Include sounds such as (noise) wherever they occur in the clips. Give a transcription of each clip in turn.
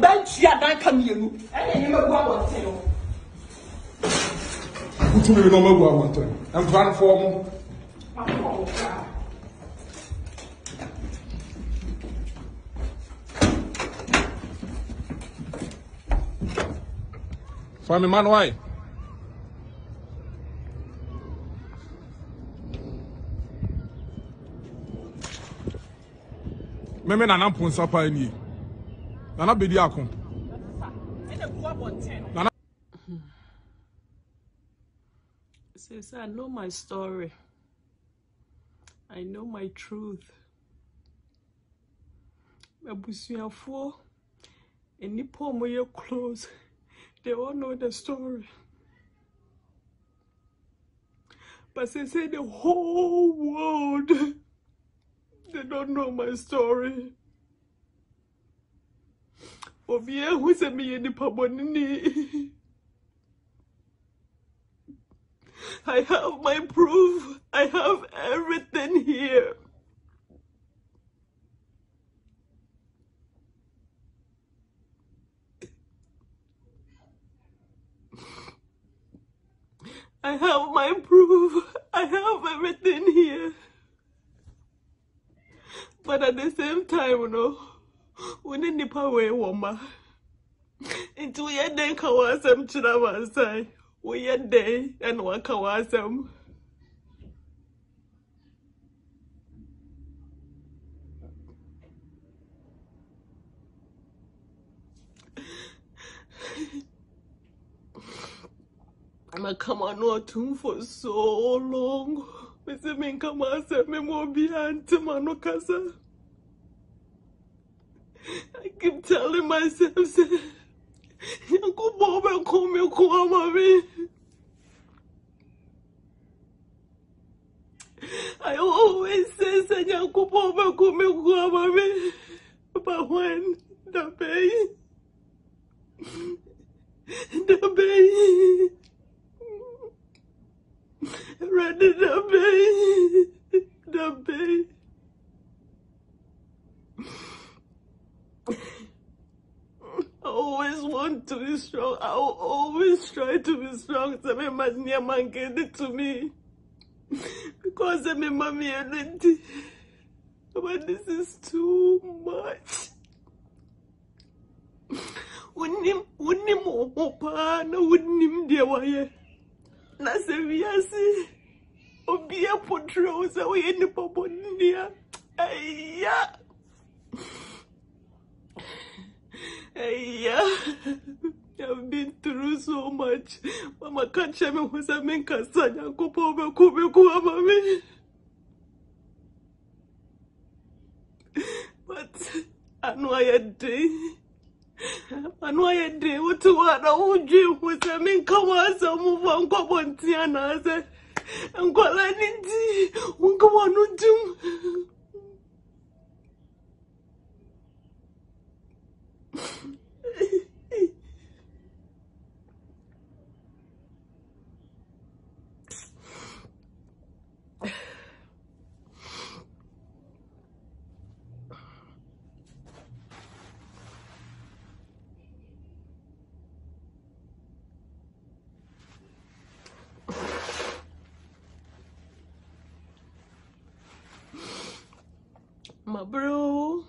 bɛnkyi adanka mmienu ɛna nneɛma gu abɔnten no wotumi bi na ɔmagu abɔnten mpanfoɔ mo Fami Manuai. Meme na nampo nsapa ni. nana bedi nana hmm. I know my story, I know my truth. Abusuafoɔ, nnipa a wɔyɛ close, they all know the story. But say the whole world, they don't know my story obiara hu sɛ meyɛ nipa bɔnene I have my proof. I have everything here. I have my proof. I have everything here. But at the same time, you know, didn't (gasps) wone nnipa wei wɔ ma nti woyɛ dɛn ka w'asɛm kyerɛ amansan woyɛ i am waka w'asɛm makama no ɔtom for so long mesɛ menkama asɛm memɔ obiaa ntema no kasa Tell him myself, say, Uncle Bob, I'll call me, I'll call mommy. I always say, eu Uncle Bob, I'll call me, I'll call mommy. But when the baby, the baby, ready the baby, the baby. always want to be strong. I will always try to be strong. So my man gave it to me. Because I'm a mommy and but this is too much. Unim unim opana unim dewaye. Na seviasi obia potro sa we ni popo ndia. Ayya. yeah, (laughs) I've been through so much. Mama can't share with kacha ameweza menkasanya kupa umekuwa mami. But I'm anwaya day anwaya day watu wana uji mweza menkawaza muva nkwa bontiana aze nkwala nidi nkwa nudum. my bro.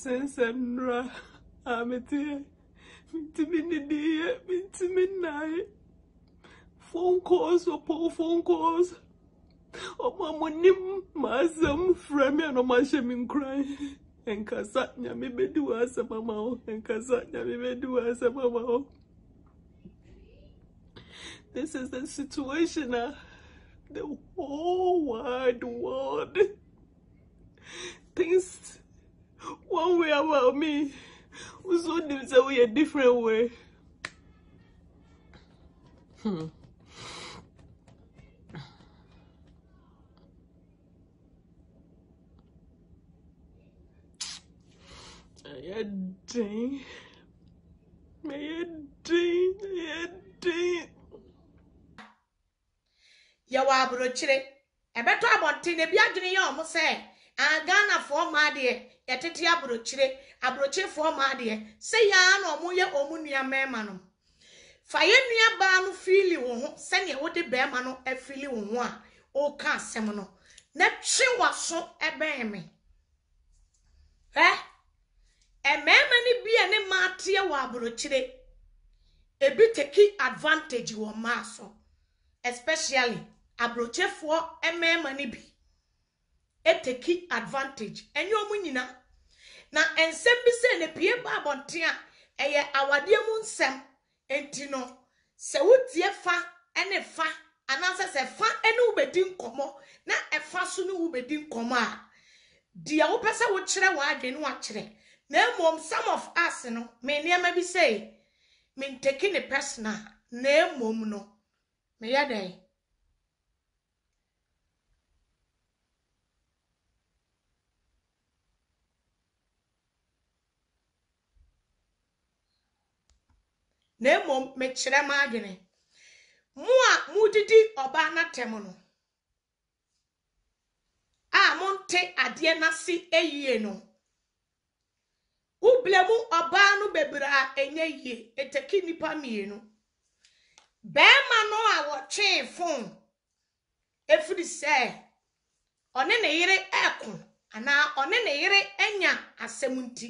sɛnsɛm nnora a meteɛ mentumi nnedeɛ mentumi nnae phone calls ɔpɔw phone calls ɔmo a monim maasɛm frɛ me ana ɔmahyɛ me nkuran ɛnkasa nyame bɛdi w'asɛm ama wo be nyame bɛdi w'asɛm ama this is the situation uh, the whole wide world things one way about me we so dim say we a different way hmm. May it ding. May it ding. May it ding. Yawa abrochire. Ebeto abontin ebi adwene ye omo se. aga ah, na fɔma adeɛ yɛtete aburokyire aburokyire fɔma adeɛ sɛ yaa na ɔmo yɛ ɔmo nua mɛɛma no fa yɛ nua baa no fiili wo ho sɛnea wode bɛɛma no afiili eh, wo ho a ɔreka asɛm no na twe w'aso ɛbɛn eh, me hɛ mmarima no bi a ne mmaa teɛ wɔ aburokyire ebi teki advantage wɔ mmaa so especially aburokyefoɔ eh, mmarima no bi. eteki advantage ɛnyɛ ɔmo nyina na nsɛm bi sɛ ne pie ba abɔnten a ɛyɛ awadeɛ mu nsɛm nti no sɛ wotie fa ɛne fa anaasɛ sɛ fa ɛne wobɛdi nkɔmɔ na ɛfa so ne wobɛdi nkɔmɔ a deɛ wopɛ sɛ wokyerɛ w'adwene wakyerɛ na mmom some of us no me nneɛma bi me menteki ne personal na mmom no meyɛ dɛn na emo mechire m agịnị mụa mụdidi ọba anatemnụ amonte adie nasi eyienu ublemu ọbaa no bebere a enye yie eteki nipa mmienu bɛrima no a wɔtwee fon efiri sɛ ɔne ne yere ɛko anaa ɔne na yere anya asɛm nti.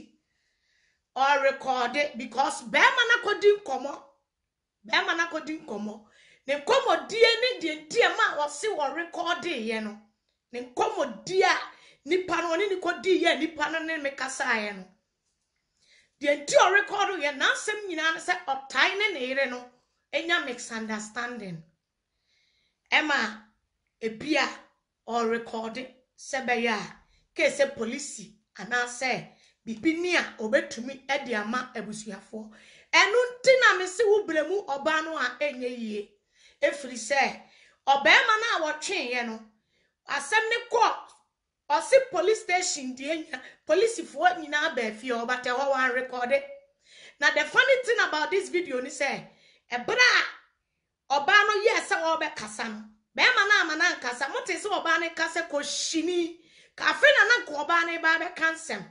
or record it because bema na kodi nkomo bema na kodi nkomo ne nkomo die ma wɔsi wɔ record yɛ no ne nkomo a nipa no ɔne ne kodi yɛ nipa no ne me kasa no deɛ nti ɔ record yɛ n'asɛm nyinaa no sɛ ɔtae ne ne yere no enya misunderstanding ɛma ebia ɔ record sɛ bɛyɛ a polisi anaasɛ. bibini a obetumi ɛde ama abusuafoɔ ɛno nti na mesi wo brɛmu ɔbaa no a ɛnyɛ yie ɛfiri sɛ ɔbarima no a wɔtweeɛ no asɛm ne kɔ ɔsi police station deɛ nya polisifoɔ nyinaa baa fie ɔbata hɔ wɔn rekɔde na the funny thing about this video ni sɛ ɛbrɛ ɔbaa no yɛ sɛ ɔrebɛkasa no barima no ama no ankasa mote sɛ ɔbaa no kasa kɔ hyini kafe na na ɔbaa no ba bɛka nsɛm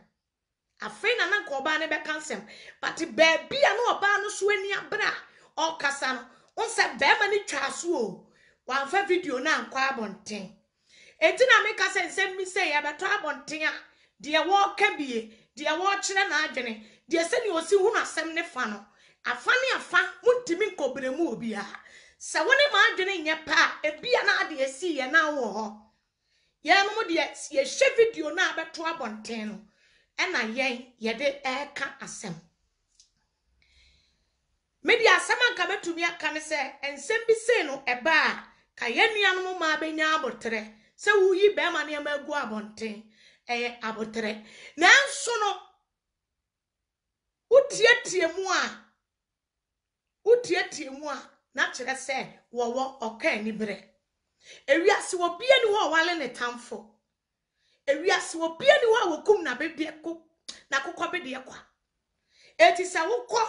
afei na na nanka ɔbaa no bɛka nsɛm but baabi a na ɔbaa no so ani abere a ɔrekasa no nsɛ bɛrima no twa so o wɔamfa video no ankɔ abɔnten eti na meka sɛ nsɛm mi sɛ yɛbɛtɔ abɔnten a deɛ wɔreka bie deɛ na-adwene deɛ sɛnea osi hu n'asɛm ne fa no afa ne afa mu ntumi nkɔbere mu obiara sɛ wɔn ne m'adwene nyɛ paa ebia n'adeɛ esi yɛn nan wɔ hɔ yɛn mo deɛ yɛhyɛ video no a abɔnten no. ɛna yɛn yɛde ɛɛka asɛm media asɛm anka mɛtumi aka ne sɛ nsɛm bi sei no ɛbaa ka yɛn nuanom maa bɛnya abotrɛ sɛ woyi bɛrima nneɛma agu abɔnten ɛyɛ abotrɛ nanso no wotiatie mu a wotiatie mu a na kyerɛ sɛ wɔwɔ ɔka ani berɛ ewiase wɔ bie ni hɔ ɔwale ne tamfo. ewiase obia ni wa wokum na bebie ko na kokɔ be deɛ kwa eti sɛ wokɔ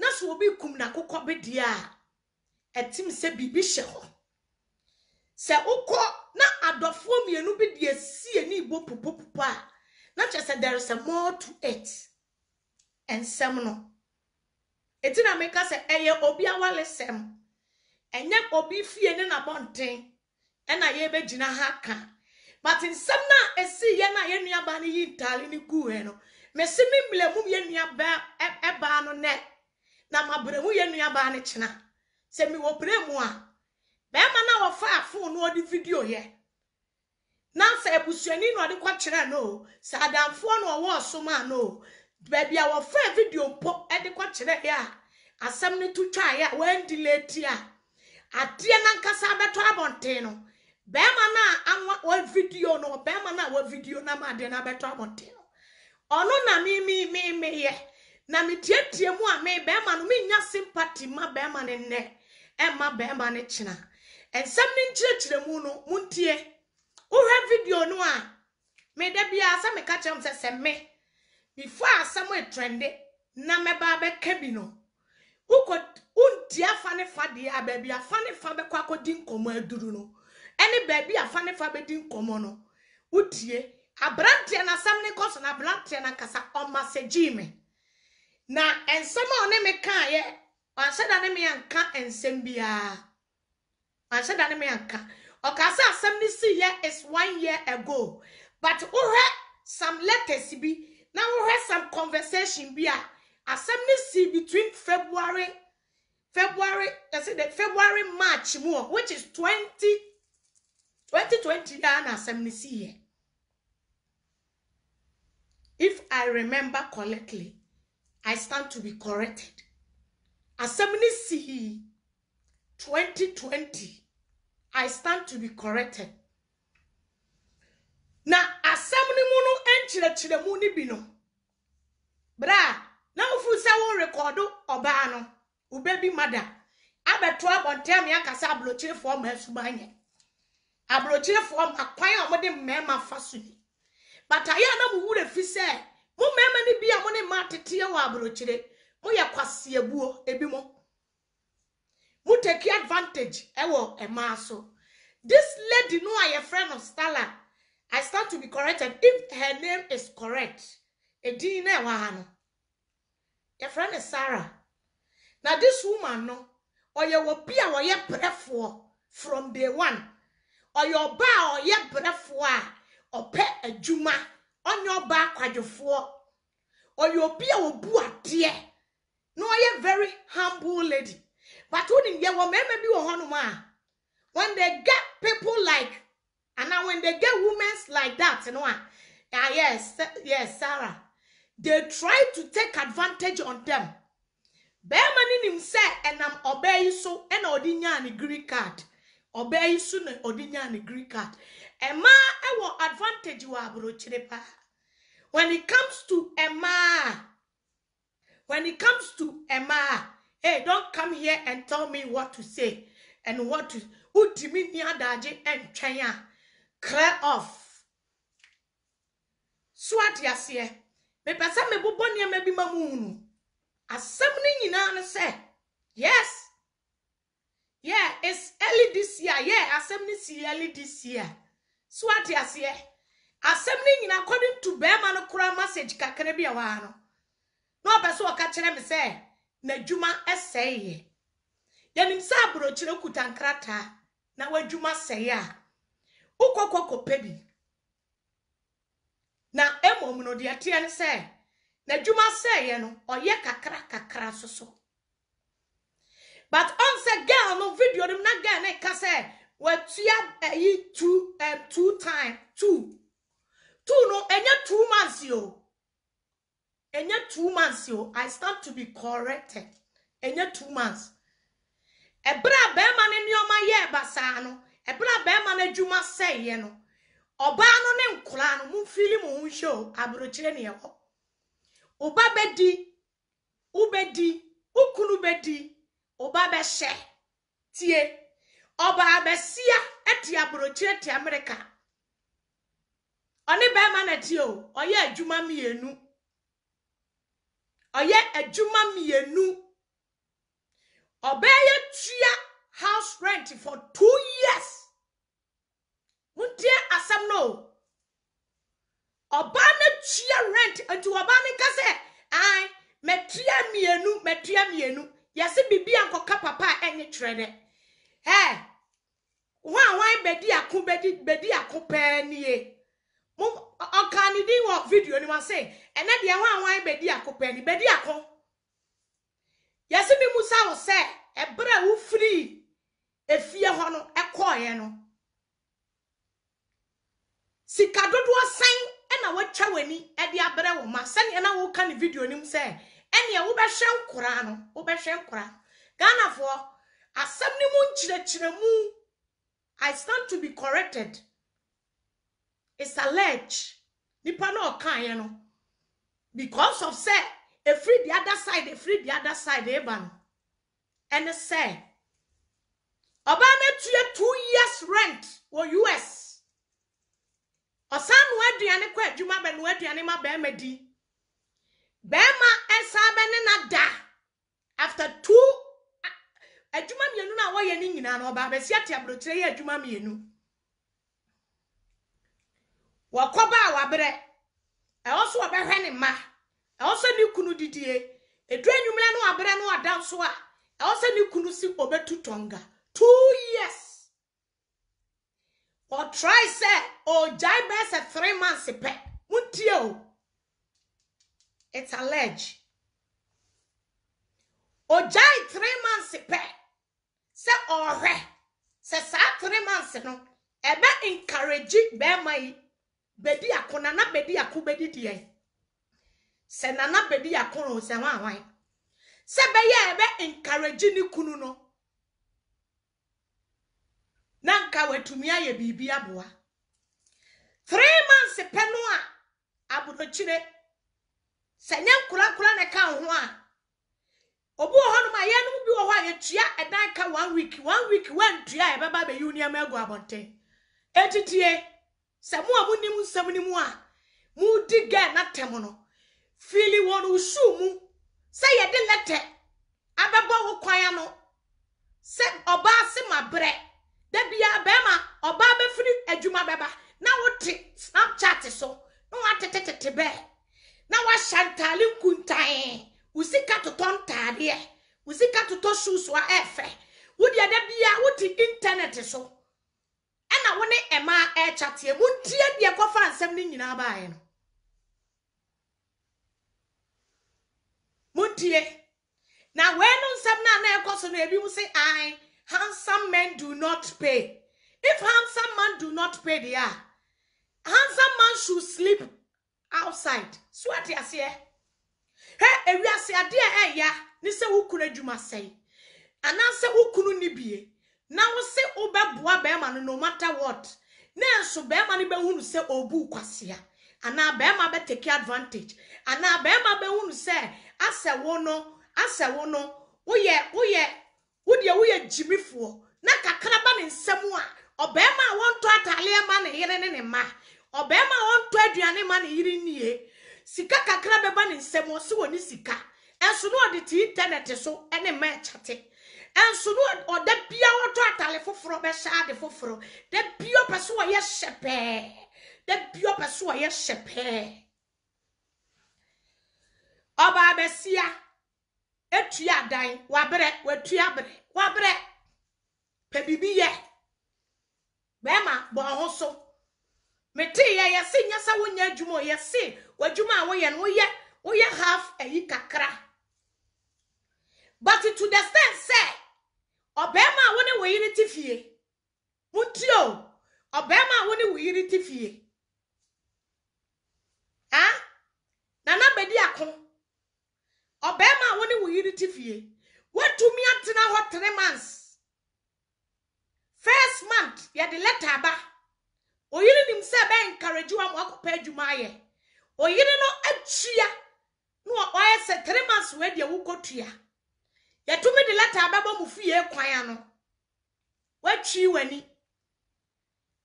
na so obi kum na kokɔ be deɛ a ɛtim bibi hye hyɛ hɔ sɛ wokɔ na adɔfoɔ mmienu bi deɛ sie ne ibo popopopo a na kyerɛ sɛ there is a more to it nsɛm no eti na meka sɛ ɛyɛ obi awalesɛm ɛnyɛ obi fie ne n'abɔnten ɛna yɛbɛgyina ha kan. but nsɛm na esi yɛ na yɛ nuaba no yi ntaale no gu hɛ no mesi mi mblɛmu yɛ nuaba ɛbaa no nɛ na mabrɛmu yɛ nuaba no kyena sɛ mi wɔ mu a bɛrima na wɔfa afon no ɔde video yɛ na sɛ ebusuani na ɔde kɔkyerɛ no sɛ adanfoɔ na ɔwɔ ɔsom a no baabi a wɔfa video mpo ɛde kɔkyerɛ yɛ a asɛm no to twa yɛ a wɔn di leeti a adeɛ nankasa abɛtɔ abɔnten no. bee ma na-awa vidiyo na bee ma na-awa vidiyo na madị na betọ mọtịnụ ọnụ na m ime ime ime ihe na mi tie tie mu a mi bɛrima no mi nya sympathy ma bɛrima ne nnɛ ɛma e bɛrima ne kyina nsɛm ne nkyerɛkyerɛ mu no mu ntie wohwɛ video no a mi da bia sɛ mi ka kyerɛ mu sɛ sɛ mi before asɛm etrɛnde na mɛba abɛka bi no wokɔ wontie afa ne fa deɛ a baabi afa ne fa bɛkɔ akɔdi nkɔmɔ aduru no ɛne baabi afa ne fa bɛdi nkɔmɔ no wotie aberanteɛ n'asɛm ne kɔ so na aberanteɛ n'ankasa ɔmasɛgye me na nsɛm a ɔne me kaeɛ ɔnhyɛ da ne me anka nsɛm biara ɔnhyɛ da ne me anka ɔkasa asɛm ne si yɛ is one year ago but wohwɛ some letters bi na wohwɛ some conversation bi a asɛm ne si between february february ɛsɛ de february march mu which is twenty. 2020 daa na asɛm no si yɛ if i remember correctly i stand to be corrected asɛm no si 2020 i stand to be corrected na asɛm no mu no nkyerɛkyerɛ mu no bi no berɛ a na wofu sɛ wo rekɔdo ɔbaa no wobɛbi mada abɛto abɔntɛm yɛ akasa aborɔkyerefoɔ ma asuma nyɛ aburokyerefoɔ akwan a wɔde mmarima fa so ni bata yɛ na mo wura fi sɛ mo mmarima no bi a mo ne mmaa tete wɔ aburokyere mo yɛ kwaseabuo ebi mo mo take advantage ɛwɔ mmaa so this lady no a yɛfrɛ no stala i start to be corrected if her name is correct edin na ɛwɔ ha no yɛfrɛ no sarah na this woman no ɔyɛ wɔ bi a wɔyɛ prɛfoɔ from day one. ɔyɛ ɔbaa a ɔyɛ brɛfoɔ a ɔpɛ adwuma ɔne ɔbaa kwadwofoɔ ɔyɛ obi a ɔbu adeɛ na ɔyɛ very humble lady but wonim yɛwɔ mmarima bi wɔ hɔnom a when they get people like and now when they get women like that no a ah, ah yes yes sarah they try to take advantage on them bɛrima ne nim sɛ ɛnam ɔbaa yi so ɛna ɔde nyaa ne green card ɔbaa yi so na ɔde nyaa ne green card mmaa ɛwɔ advantage wɔ aburokyire paa when it comes to mmaa when it comes to mmaa hey don come here and tell me what to say and what to wotumi ni adagye ntwɛn a clear off so ate aseɛ mepɛ sɛ mebobɔ nneɛma bi ma mu hunu asɛm no nyinaa ne sɛ yes yeah it's early this year yeah assembly ne si early this year so ate eh? aseɛ asɛm ne nyina according to Bema no kura message kakra bi a waa no na ɔbɛ so ɔka kyerɛ me sɛ n'adwuma sɛeɛ yɛnim sɛ aborɔkyerɛ kuta nkrataa na w'adwuma sɛe a wokɔkɔ kɔpɛ na mmom no deɛ teɛ ne sɛ n'adwuma sɛeɛ no ɔyɛ kakra kakra soso but on girl no video nim na girl ne ka sɛ watua ɛyi eh, two ɛm two time two two no ɛnyɛ two months o ɛnyɛ two months o i stand to be corrected ɛnyɛ two months ɛbere a bɛrima ne nneɛma yɛ basaa no ɛbere a bɛrima no adwuma sɛɛyɛ no ɔbaa no ne nkoraa no mo mfiri mo ho nhyɛ o aburokyire ne ɛwɔ ɔba bɛdi wobɛdi wokunu bɛdi. ọba bɛhyɛ tie ọba abɛsia ɛte aburokyire te amerika ɔne bɛrima na tie o ɔyɛ adwuma mmienu ɔyɛ adwuma mmienu ɔbaa yɛ tua house rent for two years wuntie asɛm no ɔbaa na tua rent nti ɔbaa ne nka sɛ ae mɛtua mmienu mɛtua mmienu yɛsi bibi ankɔka papa a ɛnye twerɛ dɛ ɛɛ bedi a bedi bɛdi ako bɛdi bɛdi ako pɛɛ nie mo ɔka video ni ma se ɛnɛ deɛ wɔn a wɔn bɛdi ako pɛɛ nie bɛdi ako yɛsi bi mu sa wo sɛ e ɛbrɛ a wofiri efie hɔ no ɛkɔɔɛ e no sika dodoɔ ena ɛna wɔatwa wɔn ani ɛde e abrɛ wɔn ma sɛnea na wɔka ne video ni mu sɛ ɛnea wobɛhwɛ nkoraa no wobɛhwɛ nkoraa ghanafoɔ asɛm no mu nkyerɛkyerɛmu i stand to be corrected it's alleged nipa na ɔkaeɛ no because of sɛ efiri the other side efiri the other side eba no ɛne sɛ ɔbaa no atua two years rent wɔ us ɔsan noa aduane kɔ adwuma bɛ noa aduane ma bɛrima di. bɛrima ɛsan bɛne na da after two adwuma mmienu na wɔyɛ ne nyinaa no ɔbaa bɛsi ate aburokyerɛ yɛ adwuma mmienu wɔkɔ baa wabrɛ ɛwɔ so wɔbɛhwɛ ne mma ɛwɔ sɛ ne kunu didie edu enyimlɛ no wabrɛ no wada so a ɛwɔ sɛ ne kunu si obetu tɔnga two years ɔtrae sɛ ɔgyae oh, bɛɛ sɛ three months pɛ mu tie o. it's alleged ogyai three months pɛ sɛ ɔhwɛ sɛ saa three months no ɛbɛ encourage bɛrima yi bedi ako nana bedi ako bedi deɛ sɛ nana bedi ako no sɛ nwanwan sɛ bɛyɛ ɛbɛ encourage ne kunu no na nka watumi ayɛ biribi aboa three months pɛ no a aburokyire. sɛ nye nkorankora na ɛka ho a obi wɔ hɔnom a yɛnom bi wɔ hɔ a yɛtua ɛdan ka one week one week ntua a yɛbɛba abɛyiw nneɛma agu abɔnten etitie sɛ mo a monim nsɛm no mu a modi gɛɛ n'atɛm no fili wɔn osuo mu sɛ yɛde lɛtɛ abɛbɔ wo kwan ano sɛ ɔbaa se ma brɛ dabia bɛrima ɔbaa bɛfiri adwuma bɛba na wote snapchat so na watetetete bɛɛ. na wahyɛ ntaade nkuntan wo sika totɔ ntaadeɛ wo sika totɔ shoes a ɛfɛ wodi ada bia wote internet so ɛna wo ne ɛmaa ɛrekyateɛ montie deɛ kɔfa nsɛm no nyinaa baeɛ no montie na wee no nsɛm no a na ɛkɔ so no ebi mu se ae handsome men do not pay if handsome man do not pay deɛ a handsome man should sleep outside so ate aseɛ hɛ ewiase ade a ne n'i wo kunu adwuma sɛe anaasɛ wo kunu ne bie na wo se wobɛboa bɛrima no no matter what na nso bɛrima no bɛhunu sɛ obu kwasea anaa bɛrima bɛtake advantage ana bɛrima bɛhunu sɛ asɛ wo no asɛ wo no woyɛ woyɛ wodeɛ woyɛ gyimifoɔ na kakraba n'i nsɛm a ɔbɛrima a wɔntɔ ataleɛ ma ne yere ne ne ɔbɛrima a ɔntɔ aduane ma ne yiri nie sika kakra bɛba ne nsɛm ɔsi wɔ ne sika ɛnso no ɔde ti intanɛt so ɛne mmaa ɛkyate ɛnso no ɔda bia ɔtɔ atale foforɔ bɛhyɛ ade foforɔ da bia ɔpɛ so ɔyɛ hyɛ pɛɛ da bia ɔpɛ so ɔyɛ hyɛ pɛɛ ɔbaa bɛsia etua adan wabrɛ watua brɛ wabrɛ pɛ biribi yɛ bɛrima bɔ so metee ya yɛse nyɛ sɛ wonyɛ adwuma o yɛse w'adwuma a woyɛ no woyɛ woyɛ half ayi kakra but to the stand sɛ ɔbɛrima a wo ne wo yere te fie wotie o ɔbɛrima a wo ne wo yere te fie ha nana bɛdi ako ɔbɛrima a wo ne wo fie woatumi atena hɔ three months first month yɛde letter ba oyiri nim sɛ bɛ encourage wa ma ɔkɔpɛ adwuma ayɛ oyiri no atua na ɔyɛ sɛ three months wɔ adi ewu kotua yɛtumi de leta abɛbɔ mu fie kwan ano watwi w'ani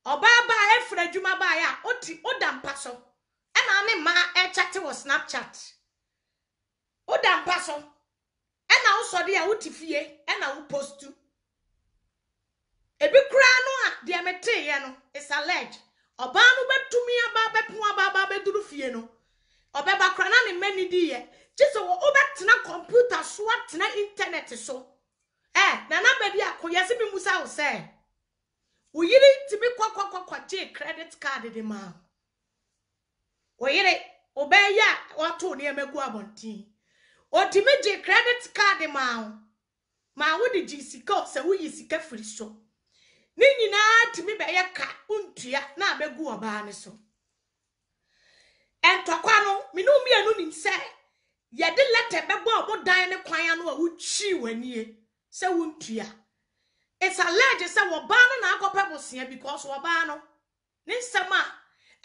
ɔbaa baa efura adwuma baa yɛ a ɔti ɔda mpa so ɛna ne mmaa ɛkyate wɔ snapchat ɔda mpa so ɛna ɔsɔre a ɔti fie ɛna ɔpostu. ebi koraa no a deɛ meteeɛ no is alleged ɔbaa no bɛtumi aba bɛpo aba aba bɛduru fie no ɔbɛba na ne mma ni diiɛ gye sɛ wɔ wobɛtena kɔmputa so atena so ɛ na nabadi akɔyɛ sɛ bi mu sa wo sɛ wo yere tumi credit card de maa wo yere a nneɛma gu abɔnten credit card maa wo maa sika sɛ woyi sika firi so ne nyinaa tumi bɛyɛ ka ntua na abɛgu ɔbaa no so ntɔkwa no mene mmienu nim sɛ yɛde lɛtɛ bɛbɔ ɔmo dan ne kwan ano a wokyii w'anie sɛ wontua it's alleged sɛ wɔbaa no na-akɔpɛ bosia because wɔbaa no ne nsɛm a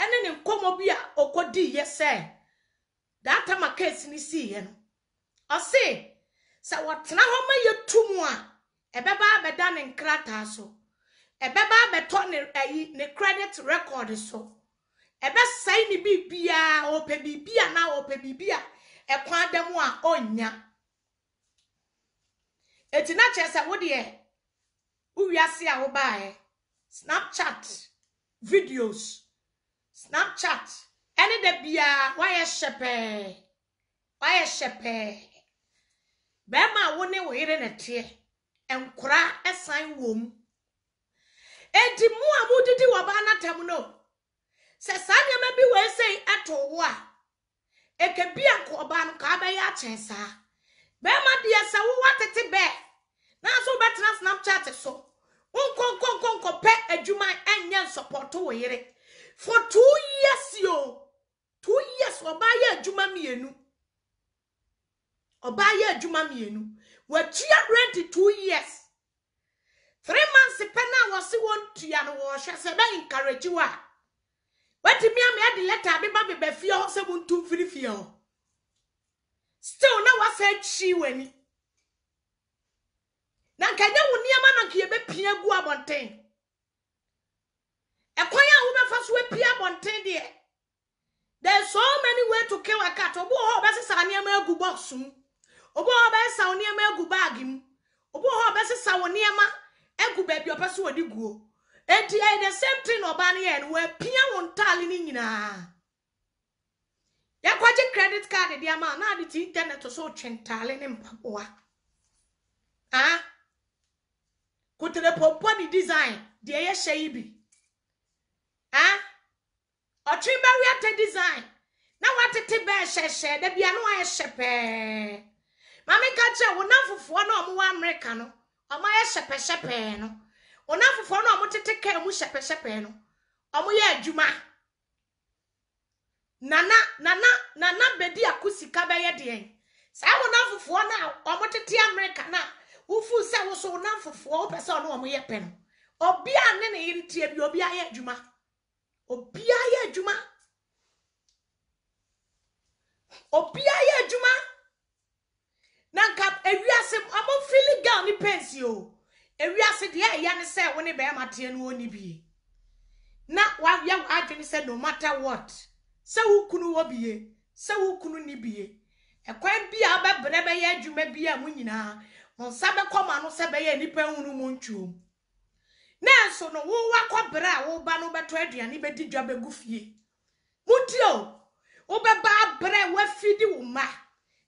ɛne ne nkɔmmɔ bi a ɔkɔdiiɛ sɛ daata ma case no siiɛ no ɔse sɛ wɔtena hɔ ma yɛtu mu a ɛbɛba abɛda ne nkrataa so ebebe abɛtɔ ne ɛyi ne credit record so ebe sɛn ne biribia ɔpɛ biribia na ɔpɛ biribia ɛkwan mu a ɔnya eti na kyerɛ sɛ wodeɛ wiase a wobaeɛ snapchat videos snapchat ɛne da biara wayɛ hyɛ pɛɛ wayɛ hyɛ pɛɛ bɛrima a wo ne wo yere na teɛ nkora ɛsan wɔ mu. edi mu a mudidi wɔ ɔbaa n'atam no sɛ saa nneɛma bi wɔ sei ɛto wo a eke ekebi anko ɔbaa no kaa bɛyɛ akyɛn saa bɛrima deɛ sɛ wowɔ tete bɛɛ n'aso bɛtena snapchat so nkonkonkonko pɛ adwuma ɛnyɛ nsɔpɔtɔ wɔ yere for two years o two years ɔbaa yɛ adwuma mmienu ɔbaa yɛ adwuma mmienu wɔatua rent two years. three months pɛ na wɔsi wɔn tuya no wɔhwɛ sɛ bɛ nkaregyi wa wetumi ama ɛde lɛta bi ma bɛbɛ fie hɔ sɛ wɔn tu mfiri fie still na wasa akyi w'ani na nkanya wo nneɛma na nka yɛbɛpia gu abɔnten ɛkwan a wobɛfa so apia abɔnten deɛ there is so many way to kill a cat obi wɔ hɔ ɔbɛsesa nneɛma agu box mu obi wɔ hɔ ɔbɛsesa nneɛma agu bag mu obi wɔ hɔ ɔbɛsesa wɔ nneɛma. egu baabi ɔpɛ sɛ wɔde guo eti ɛyɛ eh, the same thing na ɔbaa no yɛ no wɔapia wɔn ntaale no nyinaa Yakwagye credit card di ama na ade ti internet so ɔtwe ntaale ne mpaboa ah kotorepɔpɔ ne design deɛ yɛhyɛ yi bi ah ɔtwe bɛwi ata design na watete bɛɛ hyɛhyɛ dabi a na wayɛ hyɛ maame ka kyerɛ wɔn na ɔmo wɔ amerika no. ɔmayɛ hyɛpɛhyɛpɛɛ no ɔna foforɔ no a tete kaa mu hyɛpɛhyɛpɛɛ no yɛ adwuma nana nana nana bedi ako sika bɛyɛ deɛ. saa wɔna foforɔ no a tete amerika no a wofu sɛ wo so wɔna foforɔ wopɛ sɛ ɔno yɛ pɛ no obia ne ne yere tie bi obia yɛ adwuma obia yɛ adwuma obia yɛ adwuma. na nka ewiase ɔmo fili girl ne pɛnsi o ewiase deɛ ɛyɛ ne sɛ wɔne bɛrima teɛ no wɔn ni bie na wayɛ w'adwene sɛ no matter what sɛ wo kunu wɔ bie sɛ wo kunu ni bie ɛkwan bi a abɛbrɛ bɛyɛ adwuma bi a mo nyinaa mo nsa bɛkɔ ma no sɛ bɛyɛ nipa nhunu mo ntuom nɛɛso no wo wakɔ brɛ a woba no bɛtɔ aduane bɛdi dwa bɛgu fie mo ti o wobɛba abrɛ wafidi wo mma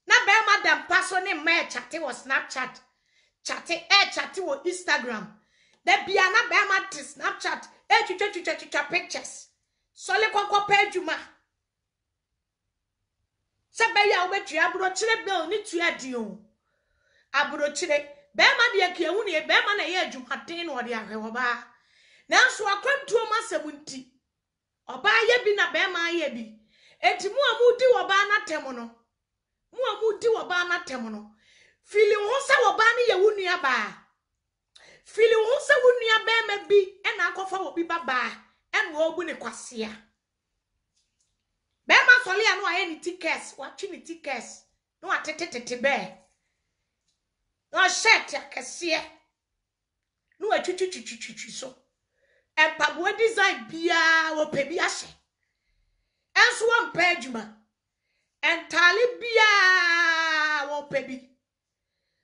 na bɛrima da mpa so ne mma ɛkyate wɔ snapchat kyate ɛkyate wɔ instagram da bia na bɛrima te snapchat ɛtwitwatwitwatwitwa pictures sɔle kɔkɔ pɛ adwuma sɛ bɛyɛ a wobɛtua aburokyire bill ne tua dio aburokyire bɛrima deɛ kiawu neɛ bɛrima na ɛyɛ adwumaden na ɔde ahwɛ ɔbaa nanso akwantuo mu asɛm nti ɔbaa yɛ bi na bɛrima yɛ bi enti mu a mudi ɔbaa n'atɛm no mo di wɔ baa n'atɛm no fili ho sɛ wɔ baa no yɛ wo nua baa fili ho sɛ wo nua bɛrima bi ɛna akɔfa wɔ bi ba baa ɛna ɔbu ne kwasea bɛrima sɔle a no ayɛ ne ti kɛs watwe ne ti kɛs na watetetete bɛɛ na ɔhyɛ ɛte akɛseɛ na watwitwitwitwitwi so mpaboa design biara wɔpɛ bi ahyɛ ɛnso wɔmpɛ adwuma ntaale biara wɔpɛ bi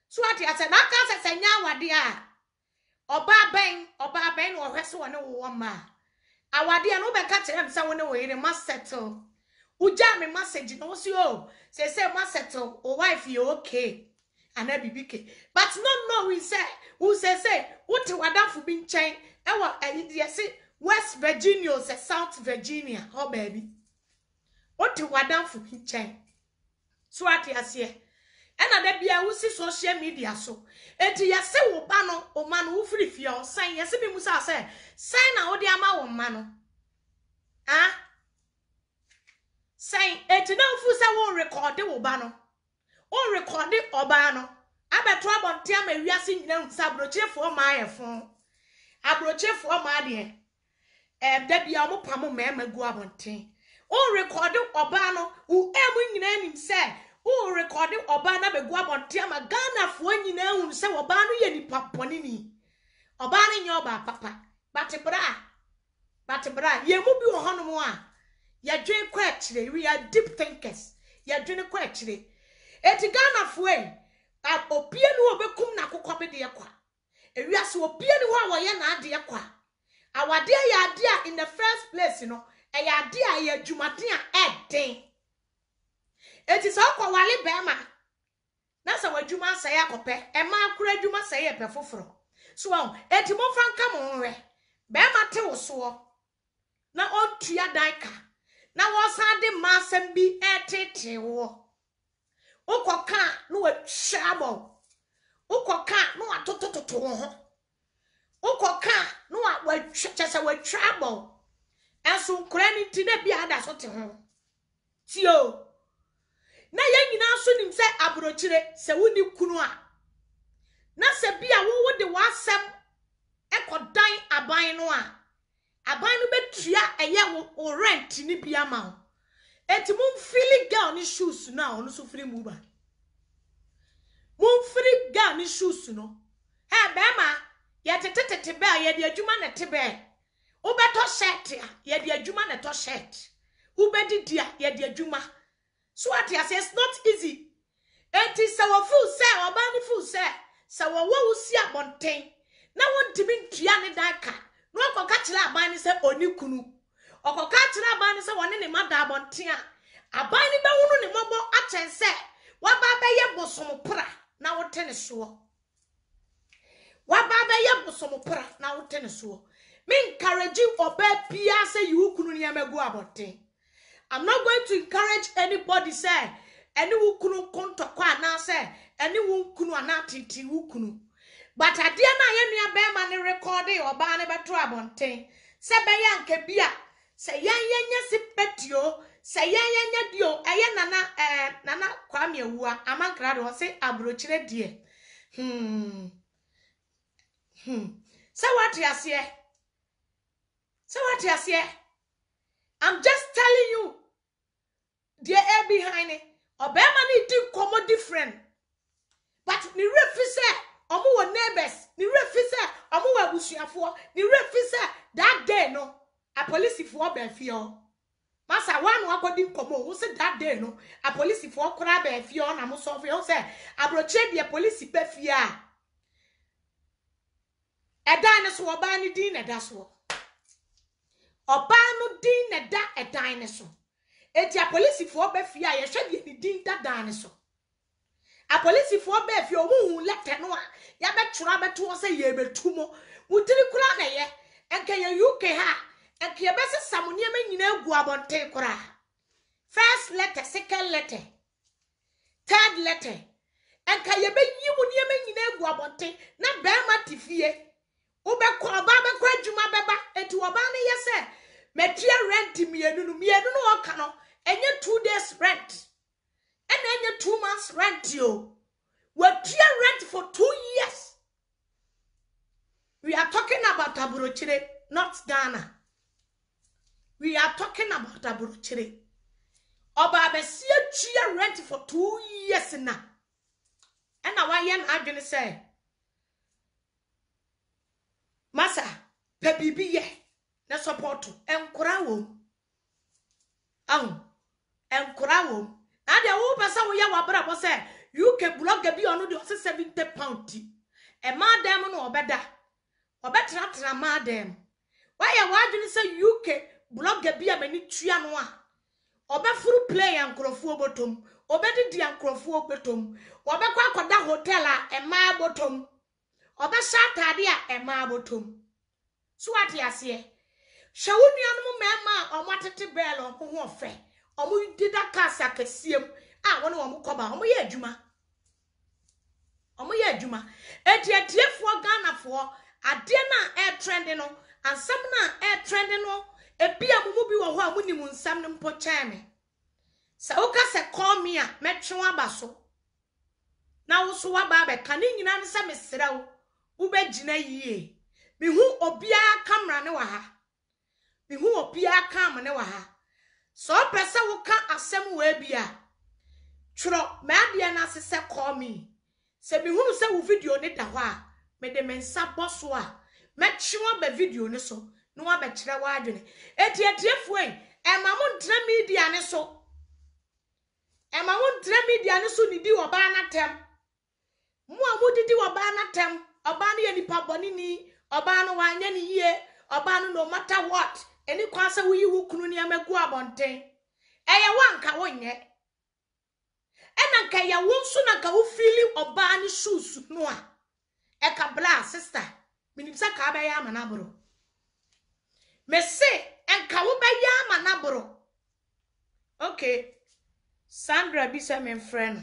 so ate asɛ n'aka sɛ sɛ nya awade a ɔbaa bɛn ɔbaa bɛn na ɔhwɛ so wɔ ne wɔwɔ mmaa awade a na wobɛka kyerɛ me sɛ wɔ yere ma settle wogya me ma sɛgyi na wo si o sɛ sɛ settle o wife yɛ okay anaa biribi ke but no no we sɛ wo sɛ sɛ wote wadafo bi nkyɛn ɛwɔ ɛyi deɛ se west virginia o sɛ south virginia hɔ baabi. ɔte wadanfo nkyɛn so ate aseɛ ɛna da bia wosi social media so eti yɛse wo ba no ɔma no wofiri fie ɔsan yɛse bi mu sa sɛ sɛn na wode ama wo mma no a sɛn eti na ofu sɛ wo rekɔde wo ba no wo rekɔde ɔbaa no abɛto abɔnten ama wiase nyinaa nsa aburokyerefoɔ ɔmaa yɛ fon aburokyerefoɔ ɔmaa deɛ ɛɛ da bia ɔmo pam mɛɛma gu abɔnten. urekọdị ọbanụ uemunyina enim sɛ urekɔde na bɛgu abɔnten ama ghanafoɔ nyinaa hu sɛ ɔbaa no papa bi a yɛdwene kɔ akyire we are deep thinkers yɛdwene kɔ akyire eti ghanafoɔ yi e, opie no obekum n'akokɔ bi deɛ opie a a in the first place no. ɛyɛ ade a ɛyɛ adwumaden a ɛden eti sɛ ɔkɔwale bɛrima na sɛ wadwuma asɛe akɔpɛ mmaa kura adwuma sɛe ɛpɛ foforɔ so ɔn eti mɔfra nka mo nwɛ bɛrima te wo soɔ na ɔtua dan ka na wɔsan de mmaa asɛm bi ɛtetee woɔ wokɔ kaa na watwa abɔ wokɔ kaa na watotototo wo ho kaa na watwa kyɛ sɛ watwa abɔ nso nkora no ti na bi ada so te ho tio na yɛn nyinaa nso nim sɛ aburokyire sɛ woni kunu a na sɛ bi a wowo de w'asɛm dan aban no a aban no bɛtua ɛyɛ wo rent ne bi ama wo eti mo nfiri girl ne shoes na a nso firi mu ba nfiri girl ne shoes no ɛ bɛrima yɛtete tete bɛɛ yɛde adwuma na te bɛɛ. wobɛtɔ shirt a yɛde adwuma na ɛtɔ shirt wobɛdidi a yɛde adwuma so ate ase it's not easy eti sɛ wɔfuu sɛ ɔbaa no fuu sɛ sɛ wɔwɔ wo si abɔnten na wontumi ntua ne dan ka na ɔkɔka kyerɛ aban no sɛ ɔni kunu ɔkɔka kyerɛ aban no sɛ wɔne ne ma da abɔnten a aban no bɛhunu ne mmɔbɔ akyɛn sɛ waba bɛyɛ bosompra na wote ne soɔ waba bɛyɛ bosompra na wote ne soɔ Me encouraging for bed Pia say you couldn't ever go about it. I'm not going to encourage anybody say any wukunu kontokwa na say any wukunu anatiti wukunu. But adeɛ na yɛ nua bɛrima ne rekɔde ɔbaa ne bɛto abɔnten sɛ bɛyɛ nke bi e, e, e a sɛ yɛn yɛn nyɛ si pɛtio sɛ yɛn yɛn nyɛ dio ɛyɛ nana ɛɛ nana kwame ewua amankara de ɔsi aburokyerɛ deɛ hmm hmm sɛ wɔate aseɛ. So what you say? i'm just telling you the air behind it, ɔbɛrima ne di nkɔmɔ different but ne werɛ fi sɛ ɔmo wɔ neighbors ne werɛ fi sɛ ɔmo wɔ abusuafoɔ ne that day no apolisifoɔ bɛn fie hɔ masa wa na wakɔdi nkɔmɔ wo that day no apolisifoɔ koraa bɛn fie hɔ na mo sɔfo yɛ wo sɛ aburokyerɛ deɛ polisi bɛ fie a ɛdan ne so ɔbaa ne din na ɛda soɔ ɔbaa no din na ɛda ɛdan ne so eti apolisifoɔ bɛ fie a yɛhwɛ deɛ ne din da dan ne so apolisifoɔ bɛ fie ɔmuhun lɛtɛ no a yabɛtwerɛ abɛto hɔ sɛ yɛbɛtu mu wotiri kura na yɛ nka yɛ uk ha nka yɛbɛsesa mu nneɛma nyinaa gu abɔnten kura. first letter second letter third letter nka yɛbɛyi mu nneɛma nyinaa gu abɔnten na bɛrima te fie wobɛkɔ ɔbaa bɛkɔ adwuma bɛba eti ɔbaa no yɛ sɛ mɛtua rent mmienu no mmienu no ɔka no ɛnyɛ two days rent ɛna ɛnyɛ two months rent o wɔtua rent for two years we are talking about aburokyire not ghana we are talking about aburokyire ɔbaa bɛsi atua rent for two years na ɛna wayɛ n'adwene sɛ masa pɛ biribi yɛ na sɔpɔtɔ nkora wɔ mu ahu nkora wɔ mu na deɛ wɔpɛ sɛ wɔyɛ wɔabrabɔ sɛ uk blɔga bi ɔno deɛ ɔsɛ seventy pound ti mmaa dan mu na ɔbɛda ɔbɛtenatena mmaa dan mu wɔayɛ wɔadwene sɛ uk blɔga bi a m'ani tua no a ɔbɛforo play nkurɔfoɔ bɔtɔ mu ɔbɛdidi nkurɔfoɔ bɔtɔ mu ɔbɛkɔ akɔda hotel a mmaa bɔtɔ mu. ɔbɛhyɛ ataade a ɛmaa bɔtɔm so aseɛ hyɛ wo nuanom mmarima a ɔmo atete bɛɛl ho ɔfɛ ɔmo deda akɛseɛ mu a wɔne wɔn kɔba ɔmo yɛ adwuma ɔmo yɛ adwuma etietiefoɔ ghanafoɔ adeɛ no a ɛɛtrɛnde no asɛm no a ɛɛtrɛnde no ebi a mo bi wɔ hɔ a mo nim nsɛm no mpo kyɛn me sɛ woka sɛ a mɛtwe aba so na wo aba abɛka ne nyinaa no wobɛgyina yie mehu obiara kamera ne wɔ ha mehu obiara kam ne wɔ ha sɛ ɔpɛ sɛ woka asɛm wɔ bi a twerɛ m'adeɛ no ase sɛ call me sɛ mehunu sɛ wo video ne da hɔ a mede me nsa bɔ so a mɛtwe waba video ne so na wabɛkyerɛ w'adwene etietiefoɔ yi ɛma mo ntena media ne so ɛma mo ntena media ne so nidi wɔ baa n'atɛm mo a modidi wɔ baa n'atɛm ɔbaa no yɛ nipa ni ɔbaa no wanyɛ ne yie ɔbaa no no matter what ɛni kwan sɛ woyi wo kunu nneɛma gu abɔnten ɛyɛ wo anka wonyɛ ɛna nka ɛyɛ wo nso na nka wofili ɔbaa ne shoes noa a e ɛka bla sista menim sɛ kaa bɛyɛ ama naboro mese ɛnka e wobɛyɛ ama naboro okay sandra bi sɛ memfrɛ no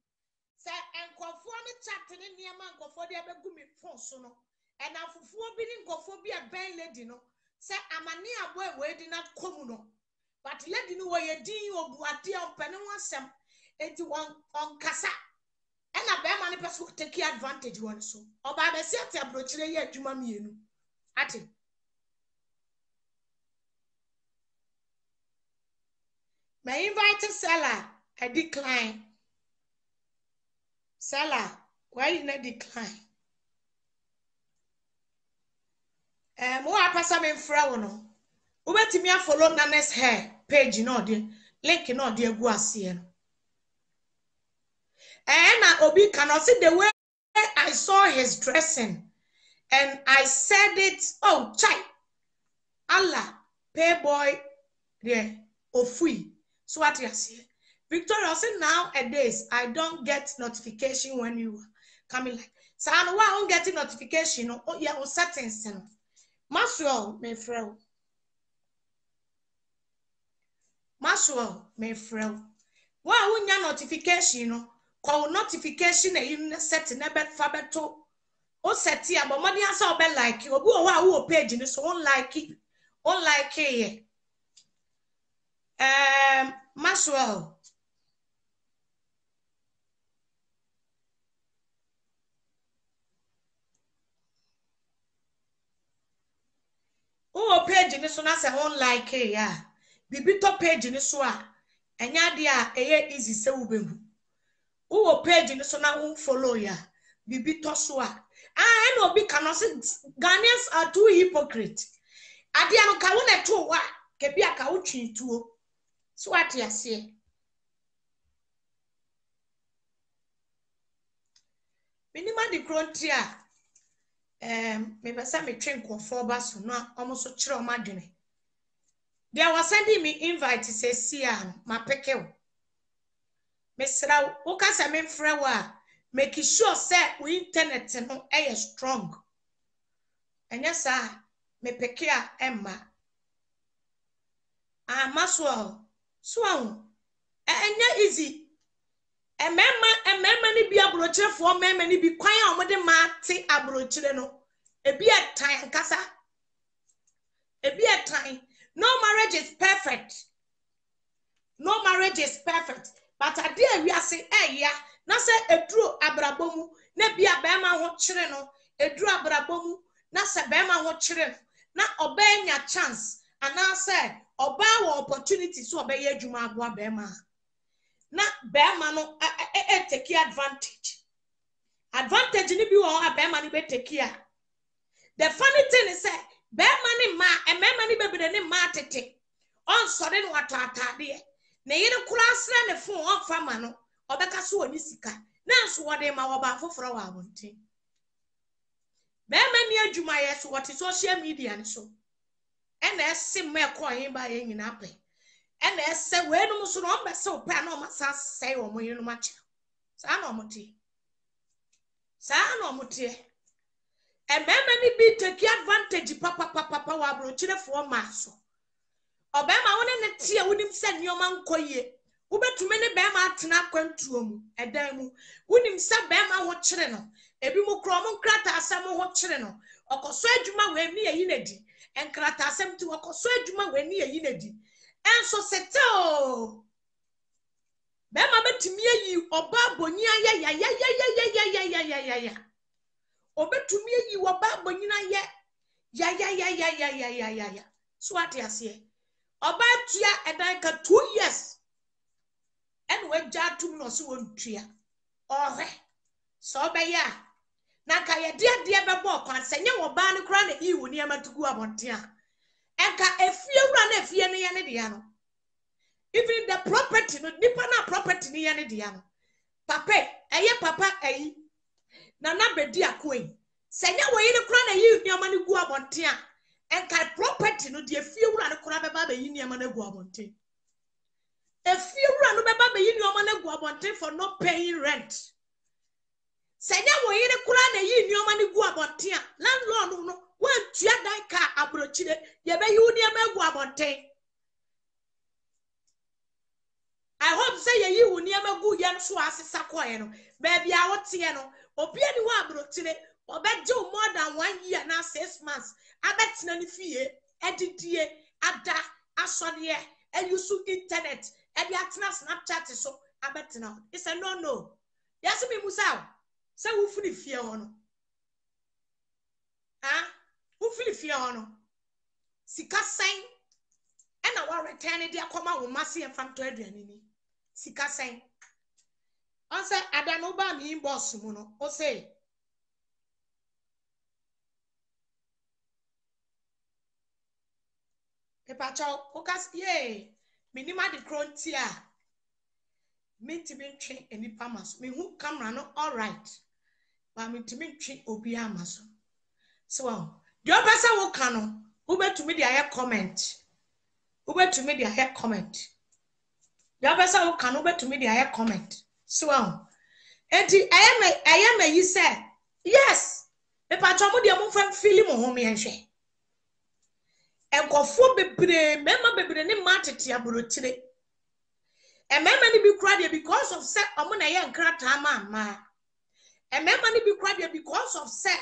sɛ nkɔfoɔ no chapter ne nneɛma nkɔfoɔ de ɛbɛgu mi fon so no ɛnam fufuo bi ne nkɔfoɔ bi a bɛn lady no sɛ amane aboa a wɔadi na kɔ mu no but lady no wɔyɛ din obu adeɛ ɔmpɛ ne ho asɛm eti wɔn ɔnkasa ɛna bɛrima no pɛ so take advantage wɔn so ɔbaa bɛsi ate aburokyire yɛ adwuma mmienu ate. My invite seller, I decline. Seller, why you it decline? Eh, um, what person in Frauno? Ubeti me a follow Nana's hair page, you know, dear. Link, you know, dear Guasian. E eh, and Obi cannot see the way I saw his dressing. And I said it, oh, chai. Allah, pay boy, yeah, ofui. So what you see? Victoria say nowadays I don't get notification when you are coming like so I know why I don't get notification no oh yeah on oh, certain sin. Maxwell me frel. Maxwell me frel. Why I won't get notification no call notification a you set in a bed fabeto o set here but money has all been like you obi owa who page ni so won like it won like it um Maxwell ụmụ peji ni so na sɛ ho like e ya bibi tɔ peji ni so a ɛnyɛ adeɛ a ɛyɛ izi sɛ wobɛhu ụwọ peji ni so na ho follow ya bibi tɔ so a ah e na obi ka no sɛ ghanaians are too ka wo na ɛto ụwa a kebi a ka wo twi tuo so ate aseɛ menim ade a mepɛ sɛ metwe nkurɔfoɔ ba so na ɔmo nso kyerɛ ɔmo adwene deɛ wɔsɛde me invite sɛsi a no mapeke wo mesra wo woka sɛ memfrɛ wo a make sure sɛ wo internet no yɛ strong ɛnyɛ saa mepeke a ɛmma ama so a so a ɛnyɛ easy mmarima ememe ememe níbi aburokyerefoɔ mɛmɛ bi kwan a wɔde maa te aburokyere no ebi yɛ tan nkasa ebi yɛ tan no marriage is perfect no marriage is perfect but adeɛ ewiase ɛɛya na sɛ eduro abrabɔ mu na ebi a bɛrima ho kyerɛ no eduro abrabɔ mu na sɛ bɛrima ho kyerɛ no na ɔbɛɛ nya chance anaasɛ ɔbaa wɔ opportunity so ɔbɛyɛ adwuma aboa bɛrima a. na barima no take advantage advantage ni bi wɔ hɔ a barima no bɛ tɛki a the funny thing is sɛ barima ne mmaa mmarima ne bebree ne mmaa tete ɔnsɔre no wato ataadeɛ ne yere kura asra ne phone ɔnfa ma no ɔbɛka so wɔ ne sika nanso wɔde ma wɔ baa foforɔ wɔ abɔnten barima ni adwumayɛ so wɔte social media ne so ɛna ɛsi mmaa ɛkɔɔ yin ba yɛ nyinaa pɛɛ ɛna ɛsɛ wɛnum so na ɔmo bɛsɛ ɔpɛ na ɔmo asa asɛe ɔmo yenom akyerɛ saa na ɔmo teɛ saa na ɔmo teɛ mmarima ni bi teki advantage papapapa wɔ aburokyerefoɔ maa so ɔbarima wo ne ne teɛ wonim sɛ nneɛma nkɔ yie wobɛtumi ne barima atena akwantuo mu ɛdan mu wonim sɛ barima ho kyere no ebi mu korɔ ɔmo nkrataasɛm ho kyere no ɔkɔsɔ adwuma wɔ ani yɛyi n'adi nkrataasɛm ti wɔkɔsɔ adwuma wɔ ani yɛyi n'adi. nso seteo bɛrima bɛtumi eyi ɔbaa bɔnyi ayɛ yayayayayayayayaya ɔbɛtumi eyi ɔbaa bɔnyi ayɛ yayayayayayayaya so ate aseɛ ɔbaa tua ɛdan ka two years ɛna wagya atum na ɔsi wɔn tua ɔhwɛ sɛ ɔbɛyɛ a na nka yɛde adeɛ bɛbɔ ɔkwan sɛ nyɛ ɔbaa no koraa na eyi wɔ nneɛma tugu abɔnten a. ɛnka efie wura na efie no yɛ ne dea even the property no nipa na property no yɛ ne dea no papa ɛyɛ papa na nana bedi akoe sɛnyɛ wɔyi ne kora na eyi nneɛma no gu abɔnten a ɛnka property no deɛ efie wura no kora bɛba abɛyi nneɛma no gu abɔnten efie wura no bɛba abɛyi nneɛma no gu abɔnten for not paying rent sɛnyɛ wɔyi ne kora na eyi nneɛma no gu abɔnten a landlord no. woantua dan ka aborɔkyire yɛbɛyi wo nneɛma agu abɔnten i hope sɛ yɛyi wo nneɛma gu yɛn so asesa kɔɛ no baabi a woteɛ no obia ni hɔ aborɔkyire ɔbɛgye wo more than one year na six months abɛtena ne fie adidie ada asɔdeɛ ayusu internet ɛde atena snapchat so abɛtena hɔ a no no yɛsɛ mi mu sɛ wo sɛ wofiri fie hɔ no ah. wofirifiano sika sɛn ɛna waretɛn ne de akɔma wo ma seɛ mfa ntɔ aduane ni sika sɛn ɔsɛ ada no ba mi bɔs mu no ɔsɛ ìpàtọ́ ọkà yéé mìíní má di kúrò a mi ntìmí ntwi nnipa ama so mihu kamara no all right ba mi obi ama so so. deɛ ɔpɛ sɛ woka no wobɛtumi de ayɛ comment wobɛtumi de ayɛ comment deɛ ɔpɛ sɛ woka no wobɛtumi de ayɛ comment so ahu eti ɛyɛ mɛ ɛyɛ mɛ yi sɛ yes mipatwa mo deɛ mo fɛn fili mo ho mmiɛnhwɛ nkɔfoɔ bebree mmarima bebree ne mmaa tete aburokyire mmarima no bi kura deɛ because of sɛ ɔmo na ɛyɛ nkrataa maa mmaa mmarima no bi kura deɛ because of sɛ.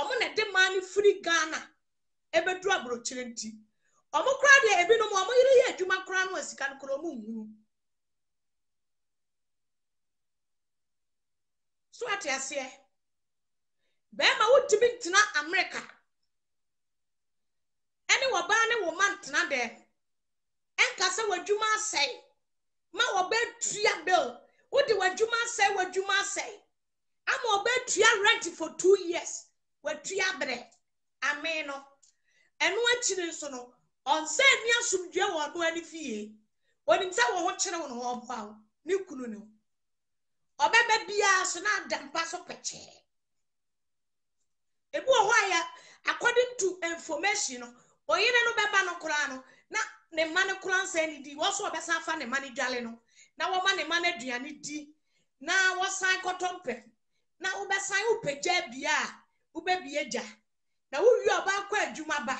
ọmụ na-ede mmanụ firi gana ebe duru agbụrụchiri ntị ọmụkra dị ebi n'ụmụ ọmụnyere ya ejuma nkụrụ anụ esika nkụrụ ọmụ nwuru so ate aseɛ bɛrima wotumi ntena amerika ɛne wɔbaa ne wɔma ntena dɛm ɛnka sɛ w'adwuma asɛe ma wɔbɛtua bill wode w'adwuma asɛe w'adwuma asɛe ama wɔbɛtua rent for two years watu abere amee no ɛno akyiri nso no ɔnsa ani asomdua wɔ ɔno ani fie onim sɛ wɔ ho kyerɛ wo no ɔboa wo ne kunu ne ɔbɛba biara so na ada mpa so pɛkyɛɛ ebi wɔ hɔ a yɛ according ntu information no ɔyere no bɛba no koraa no na ne mma no koraa nsa ani di wɔn ɔbɛsan afa ne mma no dwale no na wɔma ne mma no aduane di na wɔsan kɔtɔ mpɛ na wɔbɛsan wopagya bia wobɛbi agya na wowie ɔbaakɔ adwuma ba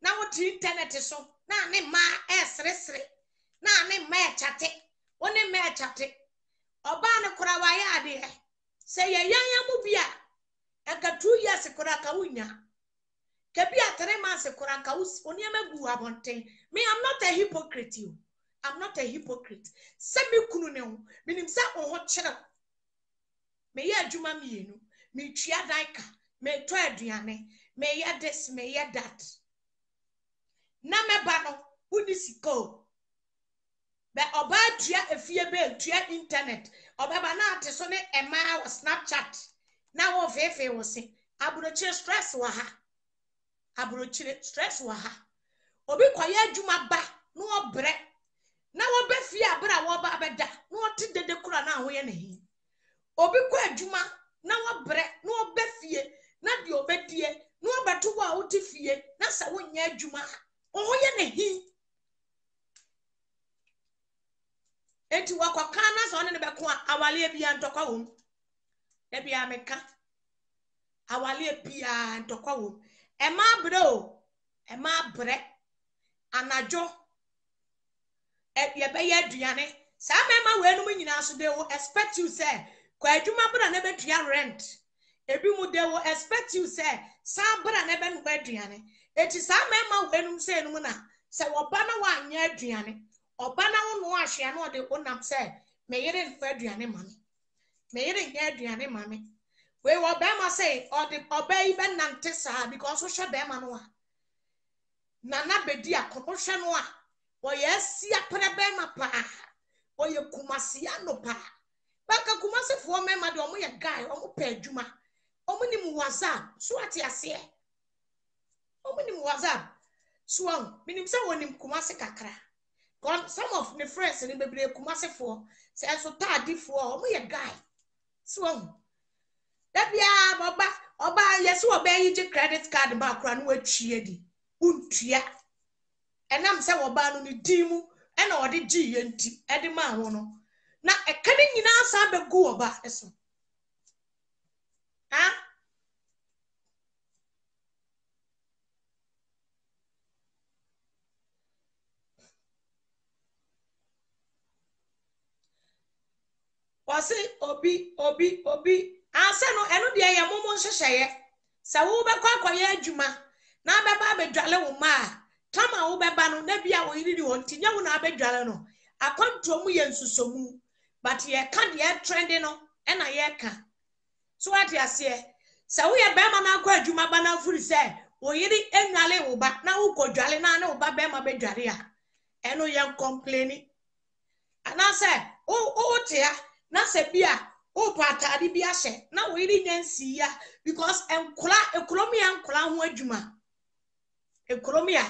na wote internet so na ne mmaa ɛɛseresere na ne mma ɛkyate wo ne mma ɛkyate ɔbaa no kora wayɛ adeɛ sɛ yɛyanya mu bi a ɛka two years kora ka wonya ka bi a kora ka wo gu abɔnten me am not a hypocrite o am not a hypocrite sɛ me kunu ne ho menim sɛ wo ho kyerɛ meyɛ adwuma mmienu metua dan ka metɔ aduane meyɛ this meyɛ that na mɛba no wodi sika o bɛ ɔbaa tua efie bɛɛ tua internet ɔbɛba naa te so ne mmaa wɔ snapchat na wɔn feefee wɔ se aburokyire stress wɔ ha aburokyire stress wɔ ha obi kɔyɛ adwuma ba na ɔbrɛ na wɔbɛ fie abere a wɔba abɛda na wɔte dede kura na ahoyɛ ne hi obi kɔ adwuma na wɔbrɛ na ɔbɛ fie. na deɛ ɔbɛdeɛ na wabɛto wo a wote fie na sɛ wonyɛ adwuma a ɔhoyɛ ne hi enti wakɔka na sɛ ɔne ne bɛko a awaleɛ biaa ntɔkwa wɔ m e da biaa meka awaleɛ biaa ntɔkwa wɔ ɛma e abrɛ o ɛma e abrɛ anadwo yɛbɛyɛ aduane saa mmarima wɔ anom nyinaa so de wo expect you sɛ kɔ adwuma bra na bɛtua rent ebi mu de expect you say saa bra na ɛbɛn ba aduane eti saa mmarima wɔ enum sɛ enum na sɛ ɔba na wanyɛ aduane ɔba na wɔn wɔn ahwea na ɔde wɔnam sɛ mɛyere nfa aduane ma mi mɛyere nyɛ aduane ma mi wei wɔ bɛrima sɛ ɔde ɔbɛ yi because wohwɛ bɛrima no nana bedi akɔ wohwɛ no a wɔyɛ asia pɛrɛ bɛrima paa wɔyɛ kumasia no paa baka kumasifoɔ mɛma deɛ ɔmo yɛ guy ɔmo pɛ adwuma. omunim whatsapp so ate aseɛ omunim whatsapp so ahu menim sɛ wɔnim kumase kakra some of ne friends ne bebree kumasefoɔ sɛ nso taadefoɔ a wɔyɛ guy so ahu dabiaa ma ɔba ɔba yɛ sɛ yi gye credit card ma akora no watua di wontua ɛnam sɛ wɔbaa no ne din mu ɛna ɔde gyeeɛ nti ɛde maa wɔn no na ɛka ne nyinaa saa bɛgu ɔba so ha kpọsị obi obi obi asịnụ enu deɛ yɛ mụmụ nhyehyɛeɛ sɛ wobɛkɔ akɔyɛ adwuma na abɛba abɛdwale wo mma a tama wobɛba no na bia wɔyiri ne hɔ nti nyɛ wo na abɛdwale no akwantuo mu yɛ nsusomu but no ka. so ate aseɛ sɛ woyɛ bɛrima na akɔ adwuma ba na afiri sɛ oyiri enwale wo ba na wokɔ dwale na ne wo ba bɛrima bɛ dwale a ɛno yɛ nkɔmpleni anaasɛ wotea na sɛ bi a wopɛ ataade bi ahyɛ na woyiri nyɛ nsii a because nkora ekurom yɛ nkora ho adwuma ekurom yɛ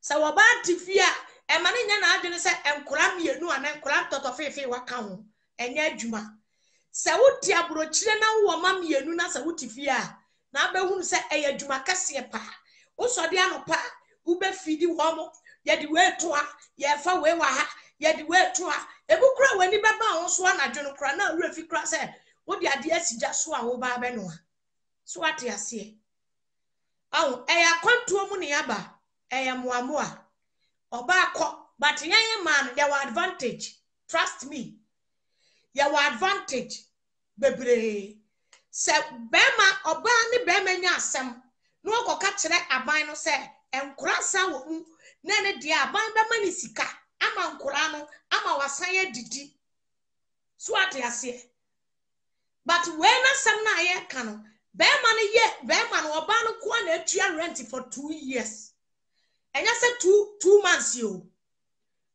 sɛ wɔbaa te fie a ɛma ne nyɛ n'adwene sɛ nkora mmienu a na nkora tɔtɔ feefee waka ho ɛnyɛ adwuma. sawuti aburokyire na wowɔ ma mmienu na sawuti fie a na abɛhunu sɛ ɛyɛ adwuma kɛseɛ paa wosɔde anɔpa wobɛfidi hɔ mo yɛde weetoa yɛfa wei wɔ ha yɛde weetoa ebi kura w'ani bɛba a wɔn so anadwo no kora na awura fi kura sɛ wode adeɛ asi gya so a woba abɛnoa so ate aseɛ ɛyɛ mu ne yaba ɛyɛ mmoamoa yɛn yɛ maa no yɛwɔ advantage trust me yɛwɔ advantage bebree sɛ bɛrima ɔbaa ne bɛrima nya asɛm na wɔkɔka kyerɛ aban no sɛ nkora nsa wɔ mu na ne deɛ aban bɛma ne sika ama nkora no ama wasan adidi so ate aseɛ but wei n'asɛm no a yɛreka no bɛrima no yɛ bɛrima no ɔbaa no koa na atua rent for two years ɛnyɛ sɛ two two months yi o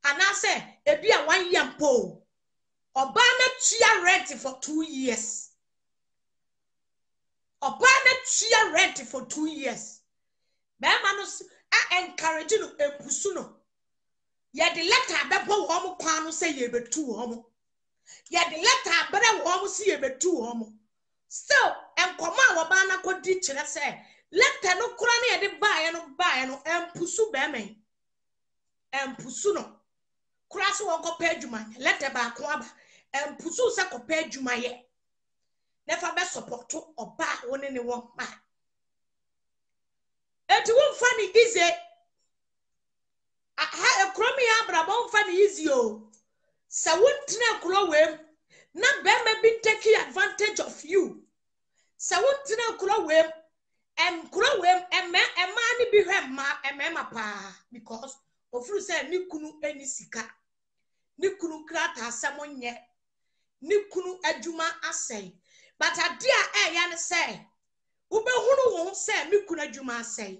anaasɛ ebi a one year mpo o. ɔbaa n'atua rent for two years ɔbaa n'atua rent for two years bɛrima no a encourage no ebusu no yɛde lɛta abɛbɔ wɔn kwan no sɛ yɛbɛtu wɔn yɛde lɛta abɛrɛ wɔn sɛ yɛbɛtu wɔn still nkɔmɔ a ɔbaa n'akɔdi kyerɛ sɛ lɛta no kura no yɛde baeɛ no baeɛ no empusu bɛrima yi empusu no kura so wɔn kɔpɛ adwuma lɛta baako aba. mpusu sɛ kɔpɛ adwumayɛ na fa bɛ sɔpɔtɔ ɔba a wɔne ne wɔn ma etu womfa ne yize aha ekurom yɛ abrabɔ mfa ne yize o sɛ wontena kuro wɛm na bɛrima bi ntaki advantage of you sɛ wontena kuro wɛm nkuro wɛm ɛmɛ ɛmaa ne bi hwɛ mmaa ɛmɛɛma paa because ofuru sɛ ne kunu ɛni sika ne kunu krataa sɛ mo nyɛ ne kunu adwuma asɛn but adeɛ a ɛyɛ no sɛ wobɛhunu wɔn sɛ me kunu adwuma asɛn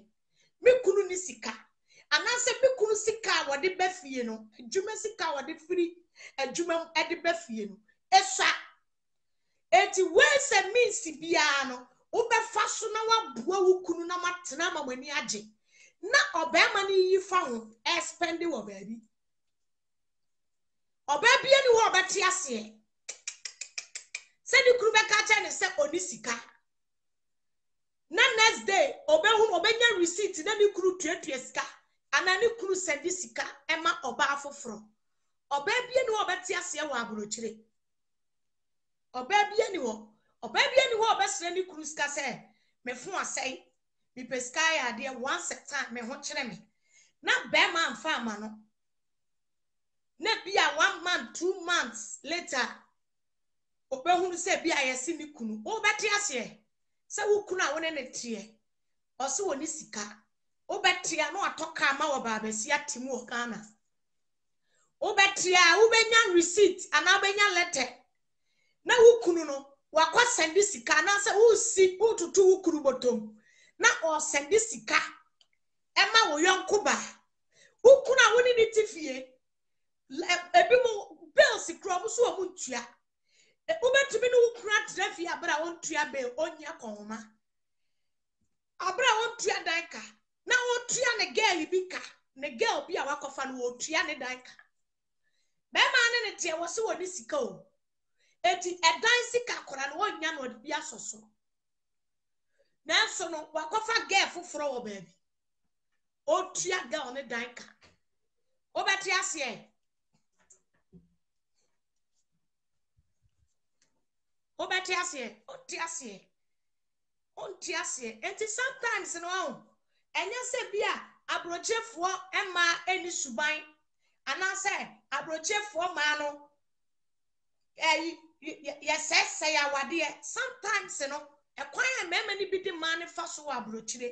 me kunu ne sika anaasɛ me kunu sika a wɔde bɛ no adwuma sika a wɔde firi adwuma de bɛ fie no ɛsa eti wei sɛ minsi biara no wobɛfa so na waboa wo kunu na matena ama w'ani agye na ɔbɛrima no yi fa ho ɛspɛnde wɔ baabi ɔbaa bia ni hɔ ɔbɛte aseɛ. sedikurube kacha na-ese onisika na next day obehu obenye receipt nemikuru tuetue sika ananikuru sendi sika ɛma ɔba afoforo ɔbaa bie ni hɔ ɔbɛte aseɛ wɔ aburokyire ɔbaa bie ni hɔ ɔbaa bie ni hɔ ɔbɛsrɛ ne kuru sika sɛ mefo asɛe mepɛ sika ayɛ adeɛ once a time me ho kyerɛ me na bɛrima amfa ama no na bia one month two months later obehuru sɛ bi a yɛsi ne kunu wobɛte aseɛ sɛ wo kunu a wone ne teɛ ɔse wɔ ne sika wobɛtea na watɔ kaa ma wɔ baabasi ate wɔ ghana wobɛnya receipt anaa wobɛnya letter na wo kunu no wakɔ sɛnde sika anaasɛ wosi wototo wo kunu bɔtɔm na ɔsɛnde sika ɛma wo yɔnko wo kunu a wone ne ebi mu bills kura so wobɛtumi ne wo kura tera fie abere a wontua bɛn onya kɔnhoma abere a wontua dan ka na wotua ne girl bi ka ne girl bi a wakɔfa no wotua ne dan ka bɛrima ne ne teɛ wɔ se wɔ ne sika o eti ɛdan sika kora no wonya no ɔde bi asɔsɔ nanso no wakɔfa girl foforɔ wɔ baabi otua girl ne dan ka wobɛte aseɛ. wobɛte aseɛ wote aseɛ wonte aseɛ nti sometimes no ɔho ɛnyɛ sɛ bi a aborɔkyefoɔ mmaa ani suban anaasɛ aborɔkyefoɔ ma no Eh, ɛyi yɛsɛsɛe awadeɛ sometimes no ɛkwan a mmarima no bi de mmaa no fa so wɔ aborɔkyire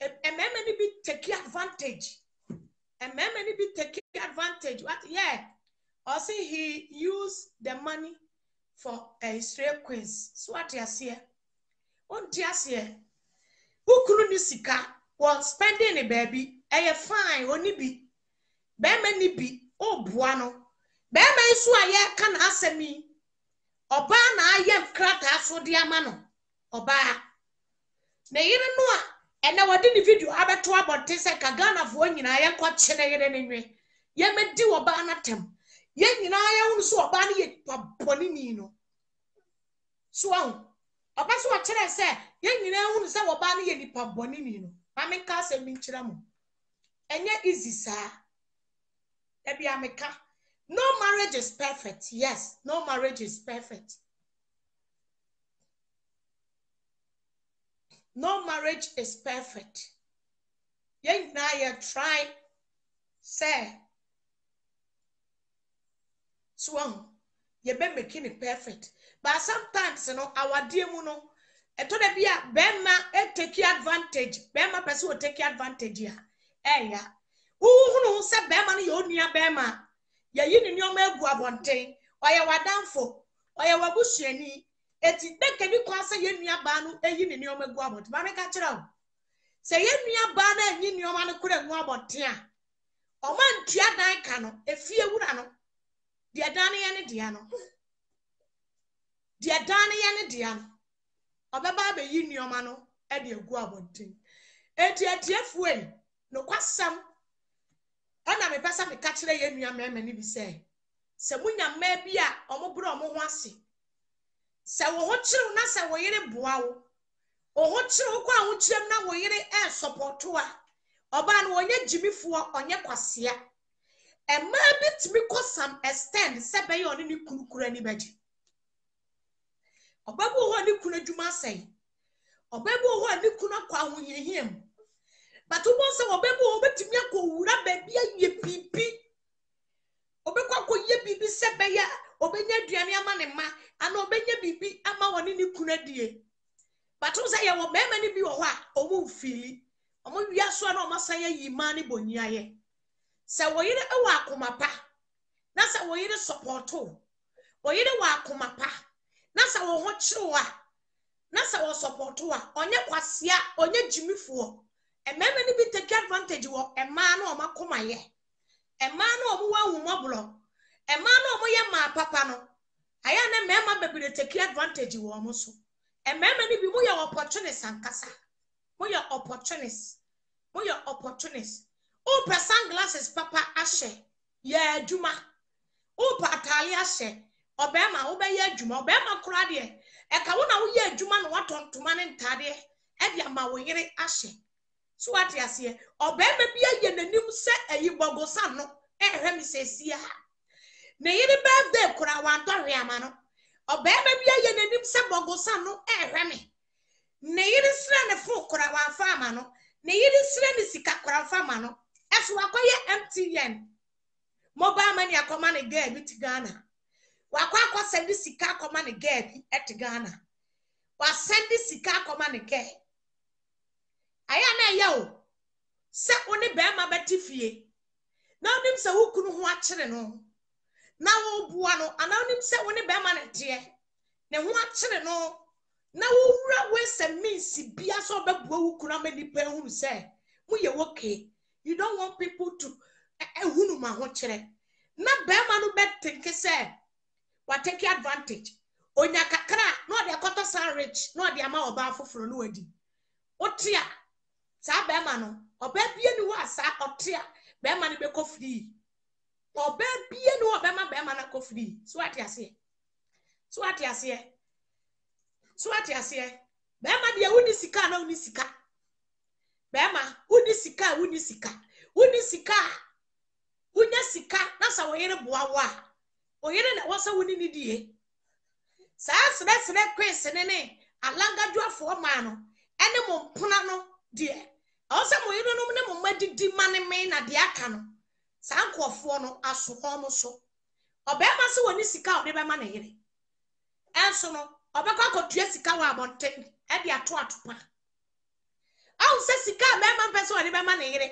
mmarima no bi take advantage mmarima ni bi take advantage what yeah Or say he use the money for a straight queens. So what you see? On tiasie. Who kuru ni sika? Well, spending a baby. Eye fine oni bi. Bema ni bi. O buano. Bema isu aye kan asemi. Oba na aye krata aso di amano. Oba. Na yire no a ene wadi ni video abeto abonte se kagana fo nyina aye kwa chene yire ne nwe. Yemedi oba na tem. yɛn nyinaa yɛhunu sɛ ɔbaa no yɛ nipa bɔneni no so ahu ɔba so ɔkyerɛ sɛ yɛn nyinaa hunu sɛ ɔbaa no yɛ nipa bɔneni no maame nka asɛm bi nkyerɛ mu ɛnyɛ easy saa ɛbi ameka no marriage is perfect yes no marriage is perfect no marriage is perfect yɛn nyinaa yɛ try say. so ahu um, yɛbɛ make ne perfect but sometimes no awadeɛ mu no ɛtɔ da bi a bɛrima eh, take advantage bɛrima pɛ sɛ o take advantage a ɛɛya eh, huhunu sɛ bɛrima no yɛ onua bɛrima yɛyi ne nneɛma egu abɔnten ɔyɛ wadanfo ɔyɛ wabusuani eti deke bi kwan sɛ yɛn nua baa no eyi ne nneɛma egu abɔnten maame ka kyerɛ o sɛ yɛn nua baa no eyi nneɛma no kura egu abɔnten a ɔmo antua dan ka no efie wura no. deɛ dan no yɛ ne deɛ no deɛ dan no yɛ ne deɛ no ɔbɛba abɛyi nneɛma no abɔnten eti yi nokwasɛm ɛna mepɛ sɛ meka kyerɛ nua mmarima no bi sɛ sɛ munya mmaa a ho ase sɛ na sɛ wɔn yere boa wo kyerew a wɔn na wɔn yere ɛɛsɔpɔtoa ɔbaa no wɔnyɛ And my bit because some extend sɛ bɛyɛ ɔne ne kunu kura ne bɛgye ɔbɛbi wɔ hɔ a ne kunu adwuma asɛe ɔbɛbi wɔ hɔ a ne kunu akɔ ahohiahia mu bàtò bọ́n sɛ ɔbɛbi wɔ hɔ ɔbɛtumi akɔ wura baabi ayɛ biribi ɔbɛkɔ akɔ yɛ biribi sɛ bɛyɛ ɔbɛnya aduane ama ne mma ana ɔbɛnya biribi ama wɔne ne kunu adie bàtò sɛ yɛ wɔ mmarima no bi wɔ a ɔmo mfiri ɔmo wia soa na ɔmo asan yɛ yi mmaa ne bonyia sɛ wɔyere wɔ akoma pa na sɛ wɔyere sɔpɔɔto wɔyere wɔ akoma pa na sɛ wɔn ho kyerɛw a na sɛ wɔ sɔpɔɔto a ɔnyɛ kwasia ɔnyɛ gyimifoɔ mmarima no bi take advantage wɔ mmaa no a wɔn akoma yɛ mmaa no a wɔwɔ ahomɔborɔ mmaa no a wɔyɛ mmaa papa no ayɛ ne mmarima bebree take advantage wɔ wɔn so mmarima no bi mo yɛ opportunist ankasa mo yɛ opportunist mo yɛ opportunist. upa sunglasses papa ashe yɛ adwuma upa ataale ahyɛ ɔbɛrima wobɛyɛ adwuma ɔbɛrima kora deɛ ɛka wo na woyɛ adwuma na watɔ ntoma ne ntaadeɛ ɛde ama wo yere ahyɛ so wate aseɛ ɔbɛrima bi ayɛ n'anim sɛ ɛyi bɔgosa no ɛhwɛ me sɛsia ne yere birthday kora wantɔhwe ama no ɔbɛrima bi ayɛ n'anim sɛ bɔgosa no ɛhwɛ mi. ne yere srɛ ne fo kora wamfa ama no ne yere srɛ ne sika kora mfa ama no ɛso wakɔyɛ mtn mobile money akɔma ne girl bi te ghana wakɔ akɔsɛnde sika akɔma ne bi te ghana wasɛnde sika akɔma ne ayɛ na ɛyɛ o sɛ wo bɛrima fie na wonim sɛ wo ho akyere no na woboa no anaa wonim sɛ wo bɛrima ne teɛ akyere na wowura minsi bia sɛ ɔbɛboa ama you don't want people to ehunu eh, ma ho kyerɛ na bɛrima no bɛ tenke sɛ wa take advantage onya kakra na ɔde akɔtɔ san rich na ɔde ama ɔbaa foforɔ no wadi wote a saa bɛrima no ɔbaa bie ni hɔ a saa ɔte a bɛrima no bɛkɔ free ɔbaa bie ni hɔ a bɛrima bɛrima no akɔ free so ate aseɛ so ate aseɛ so ate aseɛ bɛrima deɛ wo ni sika na wo sika. bema unisika unisika unisika unye sika na sa oyere buawa oyere na wasa wuni ni die saa sere sere quiz ne ne alangaju afọ ma no ɛne mo mpona no die ọsẹ mo yere no ne mo madidi mane me na de aka no saa nkurɔfoɔ no aso hɔn so ɔbɛrima sɛ wɔ sika a ɔde bɛma ne yere ɛnso no ɔbɛkɔ akɔtua sika wɔ abɔnten ɛde ato atopa awo sɛ sika a bɛrima mpɛ sɛ ɔde bɛma ne yere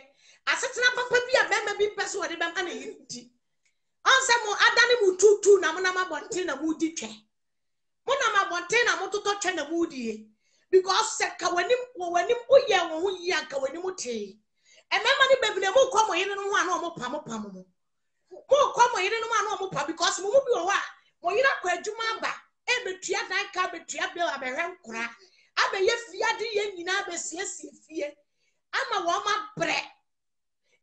asetena papa bi a bɛrima bi mpɛ sɛ ɔde bɛma ne yere di ɔn sɛ mo adane mo tutu na mo nam abɔnten na mo che. twɛ mo nam abɔnten na mo totɔ twɛ na mo di because sɛ ka w'anim wɔ w'anim oyɛ wɔn ho yie a ka w'anim tee mmarima ne bebree mo kɔ mo yere no ho a na ɔmo pam mo mo kɔ mo yere no ho because mo mu bi wɔ hɔ a mo yere akɔ adwuma aba ebetua dan ka betua bill abɛyɛ fie adeɛ nyinaa bɛsiesie fie ama wɔn abrɛ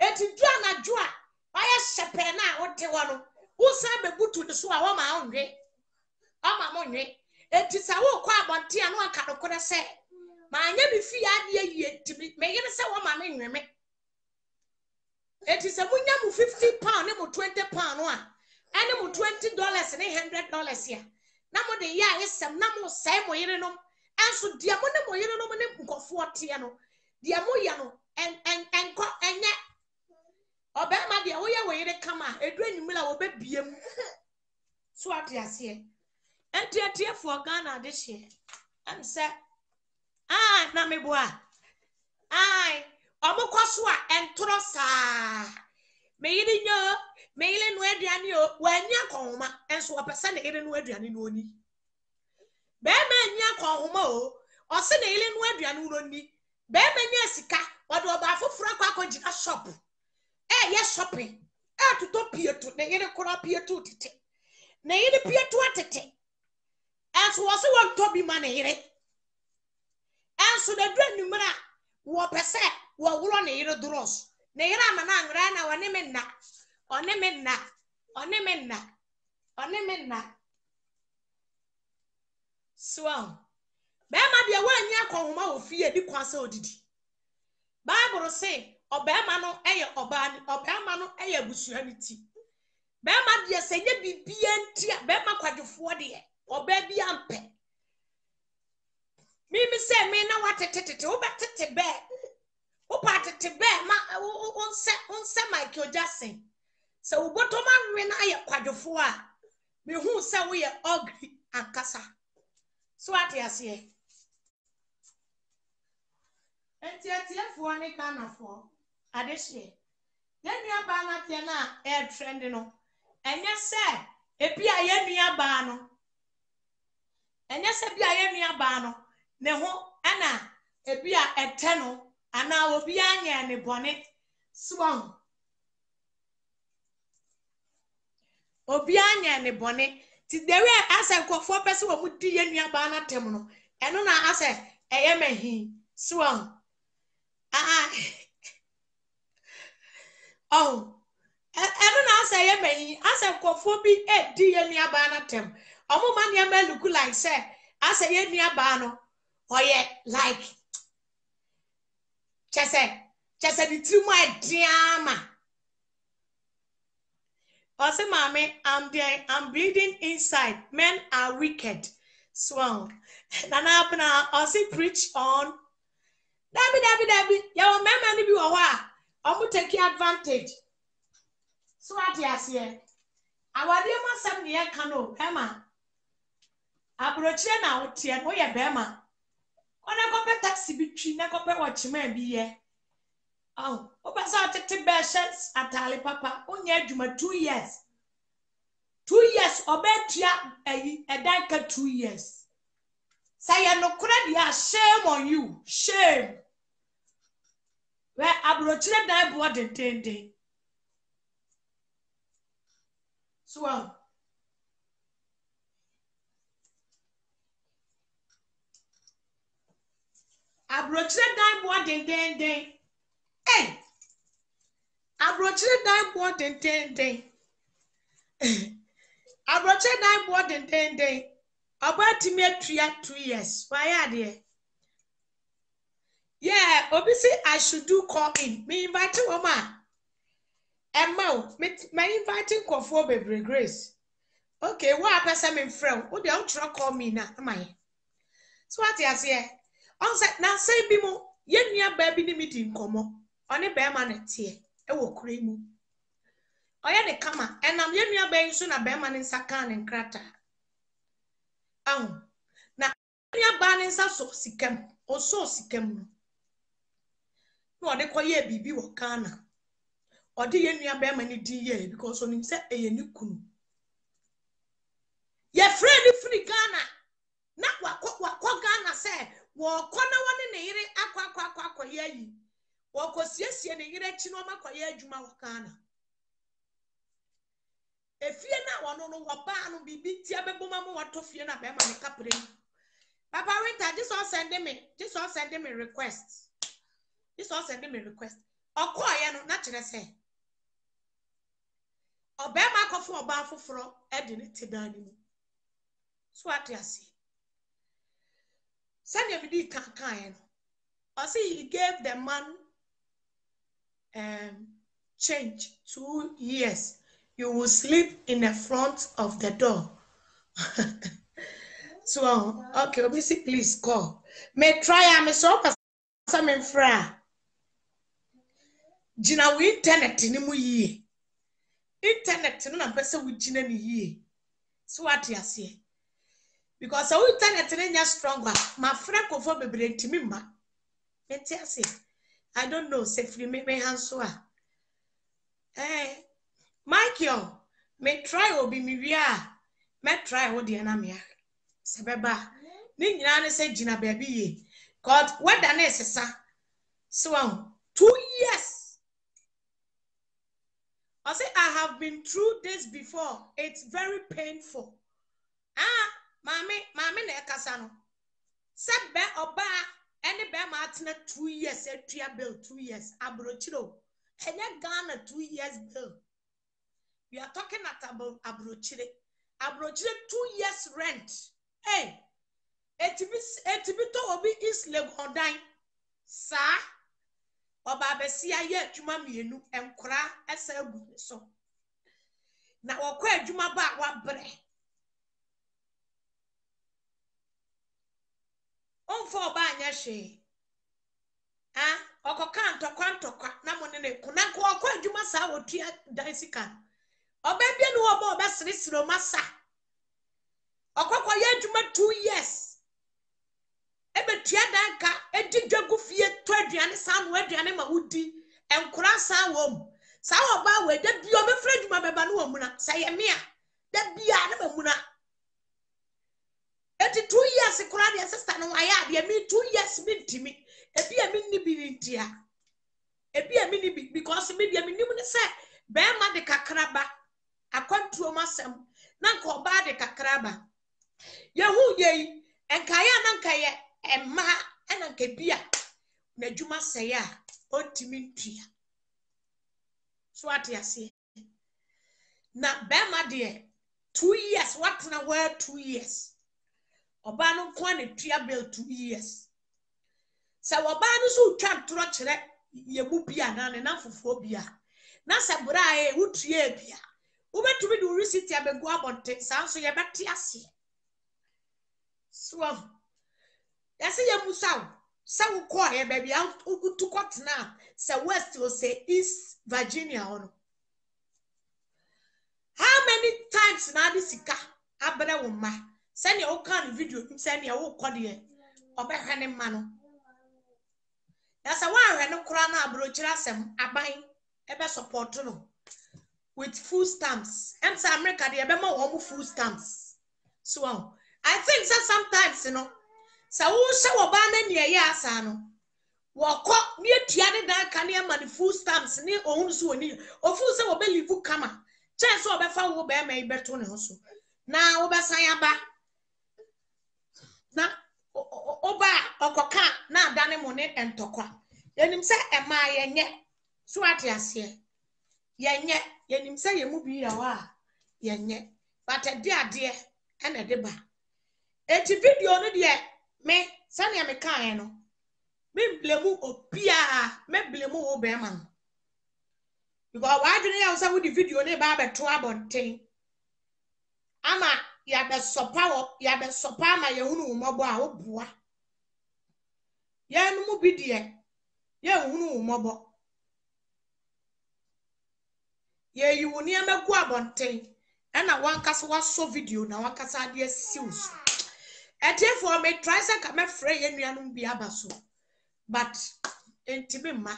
eti du anadwo a ɔyɛ hyɛpɛɛ na a wɔte hɔ no wosan bɛbutu ne so a wɔn a ɔnwe ɔma mo nwe eti sɛ wɔrekɔ abɔnten a no aka no korɛ sɛ maanyɛ mi fie adeɛ yie nti meyere sɛ wɔn ma nwe me eti sɛ mo nya mo fifty pound ne mo twenty pound no a ɛne mo twenty dollars ne hundred dollars yɛ na mo de yɛ a esɛm na mo sɛɛ mo yere nom nso deɛ mo ne mo yere no mo ne nkɔfoɔ teɛ no deɛ mo yɛ no nkɔ nyɛ ɔbɛrima deɛ woyɛ wo yere kama edu enyimire a wɔbɛbie mu so ate aseɛ ntiatiefoɔ ghana de hyɛ ɛn aa na meboa aa ɔmo kɔ so a ɛntorɔ saa meyere nyɛ o meyere no aduane o wɔanya akɔnhoma nso wɔpɛ sɛ ne yere no aduane no oni. bɛɛma nyɛ ọhụma o ɔsi na ele nua aduane wuro ni bɛɛma nyɛ sika ɔde ɔbaa akọ akɔ akɔgyina shop ɛɛyɛ e shopping ɛɛtotɔ e pietu na yere kora pietu tete na yere pietu wọsi ma na yere ɛnso na duro a pese wọ wụrọ na yere dros na yere ama na na ọ nna ọ nna ọ nna ọ nna. so ahụ bɛrima deɛ wanyɛ akɔnhoma wɔ fie di kwan sɛ odidi baibul se ɔbɛrima no yɛ ɔbaa ne ɔbɛrima no yɛ abusua ne ti bɛrima deɛ sɛ nye bibia nti a bɛrima kwadwofoɔ deɛ ɔbaa bi ampɛ mímí sɛ mí na watete tete wobɛtete bɛɛ wopa tete bɛɛ ma wo nsɛ wo nsɛ michael jackson sɛ wo bɔtɔm awe na ayɛ kwadwofoɔ a mehu sɛ woyɛ ɔgri ankasa. so ate aseɛ ntiatiefoɔ ne ghanafoɔ adehyeɛ yɛn nuabaa no ateɛ no a ɛretrend no ɛnyɛ sɛ ebi a yɛn nuabaa no ɛnyɛ sɛ bi a yɛn nuabaa no ne ho ɛna ebi a ɛtɛ no anaa obiara nyɛ ne bɔne soɔn obiara nyɛ ne bɔne. tidere asɛ nkurɔfoɔ pɛ sɛ wɔn di yɛn nuabaa n'atɛm no ɛno na asɛ ɛyɛ mɛhin soa aa ɔho ɛno na asɛ ɛyɛ mɛhin asɛ nkurɔfoɔ bi edi yɛn nuabaa n'atɛm wɔn ma nneɛma eluku like sɛ asɛ no ɔyɛ like ama. Or say, Mommy, I'm, being, I'm bleeding inside. Men are wicked. Swung. (laughs) Nana Apna, or say, preach on. Dabi, dabi, dabi. Your men, many be a I'm take advantage. So, what do you say? Our dear master, near canoe, Emma. Eh, Aburochena, what dear, no, your Bema. When I go back taxi between, I go back watch men be here. Oh, wopɛ sɛ ɔtete bɛhyɛ atare papa wonyɛ adwuma two years two years ɔbɛtua ayi ɛdan ka two years sɛ yɛ nokorɛ deɛ a shame on you shame wɛ aburokyire dan boɔ dendenden so a. Um, aburokyire dan boɔ dendenden. Hey, aburokyire dan boɔ dendenden. (laughs) aburokyire dan boɔ dendenden. Ɔbaa ti mi atua two years. Wayɛ adeɛ. Yeah, obi si I should do call in. Me invite wɔn a. Ɛma o, me invite nkɔfoɔ bebree grace. Okay, wọ́n apɛ sɛ mi nfrɛ o, o deɛ o twerɛ call me na ama yɛ. So wate aseɛ, ɔn sɛ na nsɛn bi mu, yɛn nua baabi ne mi di nkɔmɔ. ɔne bɛrima na teɛ ɛwɔ e kure mu ɔyɛ ne kama ɛnam yɛ nua bɛyi nso na bɛrima ne nsa kaa ne nkrataa ahu na nua baa ne nsa so sika mu sika mu no na ɔde kɔyɛɛ biribi wɔ ghana ɔde yɛ nua bɛrima ne din yɛɛ because onim sɛ ɛyɛ ne firi ghana na wakɔ wakɔ ghana sɛ na wɔne ne yere akɔ akɔ akɔ akɔ yɛ wɔkɔsiesie ne yere akyi na ɔmakɔyɛ adwuma wɔ ghana efie na wɔno no wɔbaa no biribi tia bɛboma mu wɔtɔ fie na bɛrima ne kapere papa winter this all send me this all send me request this all send me request ɔkɔɔyɛ no na kyerɛ sɛ ɔbɛrima akọfọ ɔbaa foforɔ ɛde ne te dan ne mu so ate ase sɛdeɛ bi di kankan no ɔsi he gave the man um, change two years, you will sleep in the front of the door. (laughs) so, okay, obviously, please call. May try, I'm ah, a so some infra. Gina, we internet in mu ye. Internet, no, I'm better with Gina ye. So, what you say? Because I will internet in your stronger. My friend, go be the brain to me, ma. It's I don't know sɛ firi me me ha nso a ɛɛ me try obi me wie a try try wo deɛ na mea sɛ bɛba ne nyinaa ne sɛ gyina baabi yie cause wɛda ne ɛsesa so ahu um, two years I say I have been through this before it's very painful ah mommy, mommy, ne ɛkasa no sɛ oba. ɛne bɛrima atena two years atua bill two years aburokyire o ɛnyɛ ghana two years bill we are talking at aburokyire aburokyire two years rent ɛy etibi etibi tɔ obi east lagos dan saa ɔbaabasia yɛ adwuma mmienu nkora ɛsɛ egu ne so na wɔkɔ adwuma ba a wabrɛ. omva obanyashe a ọkọka ntọkwa ntọkwa na munene kuna ko ọkọ adwuma saa wotua dan sika ọba ọba ne wɔ ma ɔbɛseresere ɔma sa ɔkɔkɔyɛ adwuma two years ɛbɛtua dan ka ɛdi dwa fie tɔ aduane saa no aduane ma wodi nkora saa wɔ mu saa ɔbaa wɔ da ọba ɔbɛfira adwuma bɛba ne wɔ mu na sɛ yɛ mmea da bia ne ma mu na ɛti two years koraa deɛ sista no wayɛ adeɛ mi two years mi ntumi ebi a mi ni bi ni ntia ebi a mi ni bi because mi deɛ mi nim ne sɛ bɛrima de kakraba akwantuom asɛm na nka ɔbaa de kakraba yehu yɛ yi nkaeɛ na nkaeɛ mmaa ɛna nka bi a n'adwuma sɛɛ a ɔntumi ntua so ate aseɛ na bɛrima deɛ two years watena hɔ two years ɔbaa no nko na tua bill two years sɛ ɔbaa no nso twa ntorɔ kyerɛ yɛmu bi anaa ne nan fufuo na sɛ bere a yɛ eh, wotua bi a wobɛtumi de wuri siti abɛgu abɔnten saa nso yɛbɛte aseɛ soa um, yɛsɛ yɛ mu saw sɛ wokɔɔ yɛ baabi a wotu kɔ tena a west o se east virginia hɔ how many times na ade sika abrɛ wo sɛnea woka no video sɛnea wokɔ deɛ ɔbɛhwɛ ne mma no na sɛ woanhwɛ no koraa no aborɔkyerɛ asɛm aban ɛbɛsɔpɔto no with full stamps ɛm sɛ america deɛ ɛbɛma wɔn mo full stamps so ahu um, i think sɛ sometimes no sɛ wohyɛ wɔbaa no nea ɛyɛ asaa no wɔkɔ ne atua ne dan ka ne ɛma ne full stamps ne ɔhunu so wɔ ne ɔfunu sɛ wɔbɛlivu kama kyɛn sɛ ɔbɛfa wo bɛrima yi bɛto ne ho so na wobɛsan aba na ɔbaa ɔkɔka na adane mu ne ntɔkwa yɛnim sɛ yenye yɛnyɛ yenye yenimse aseɛ yɛnyɛ yɛnim sɛ di mu bi yɛ hɔ a yɛnyɛ but eti video no deɛ me sani me kaeɛ no me mblemu obiara me mblemu wo bɛrima no because wadwene yɛ wo sɛ wode video ni ba abɛto abɔnten ama yabɛsɔpa wɔ yabɛsɔpa ama yɛhunu wɔmɔbɔ a ɔboa yɛn mu bi deɛ yɛhunu wɔmɔbɔ yɛyi wo nneɛma gu abɔnten ɛna wankasa wasɔ video na wankasa adeɛ siw so ɛtiɛfoɔ mi try sɛ kama yɛn nuanom bi aba so but bi mma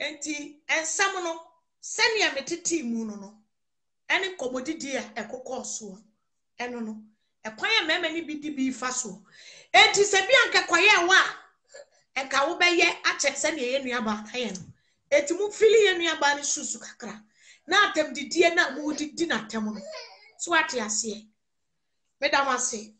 nti nsɛm no sɛnea metete mu no no ɛne nkɔmɔdidi a ɛkokɔ soɔ. ɛno no ɛkwan a mmarima no bi di bi fa so eti sɛ bi ankɛkɔyɛ wa ɛka wobɛyɛ akyɛ sɛnea yɛ nuabaa ayɛ no eti mu fili yɛ nuabaa no susu kakra na atɛm didie na mu didi na atɛm no so ate aseɛ meda mo ase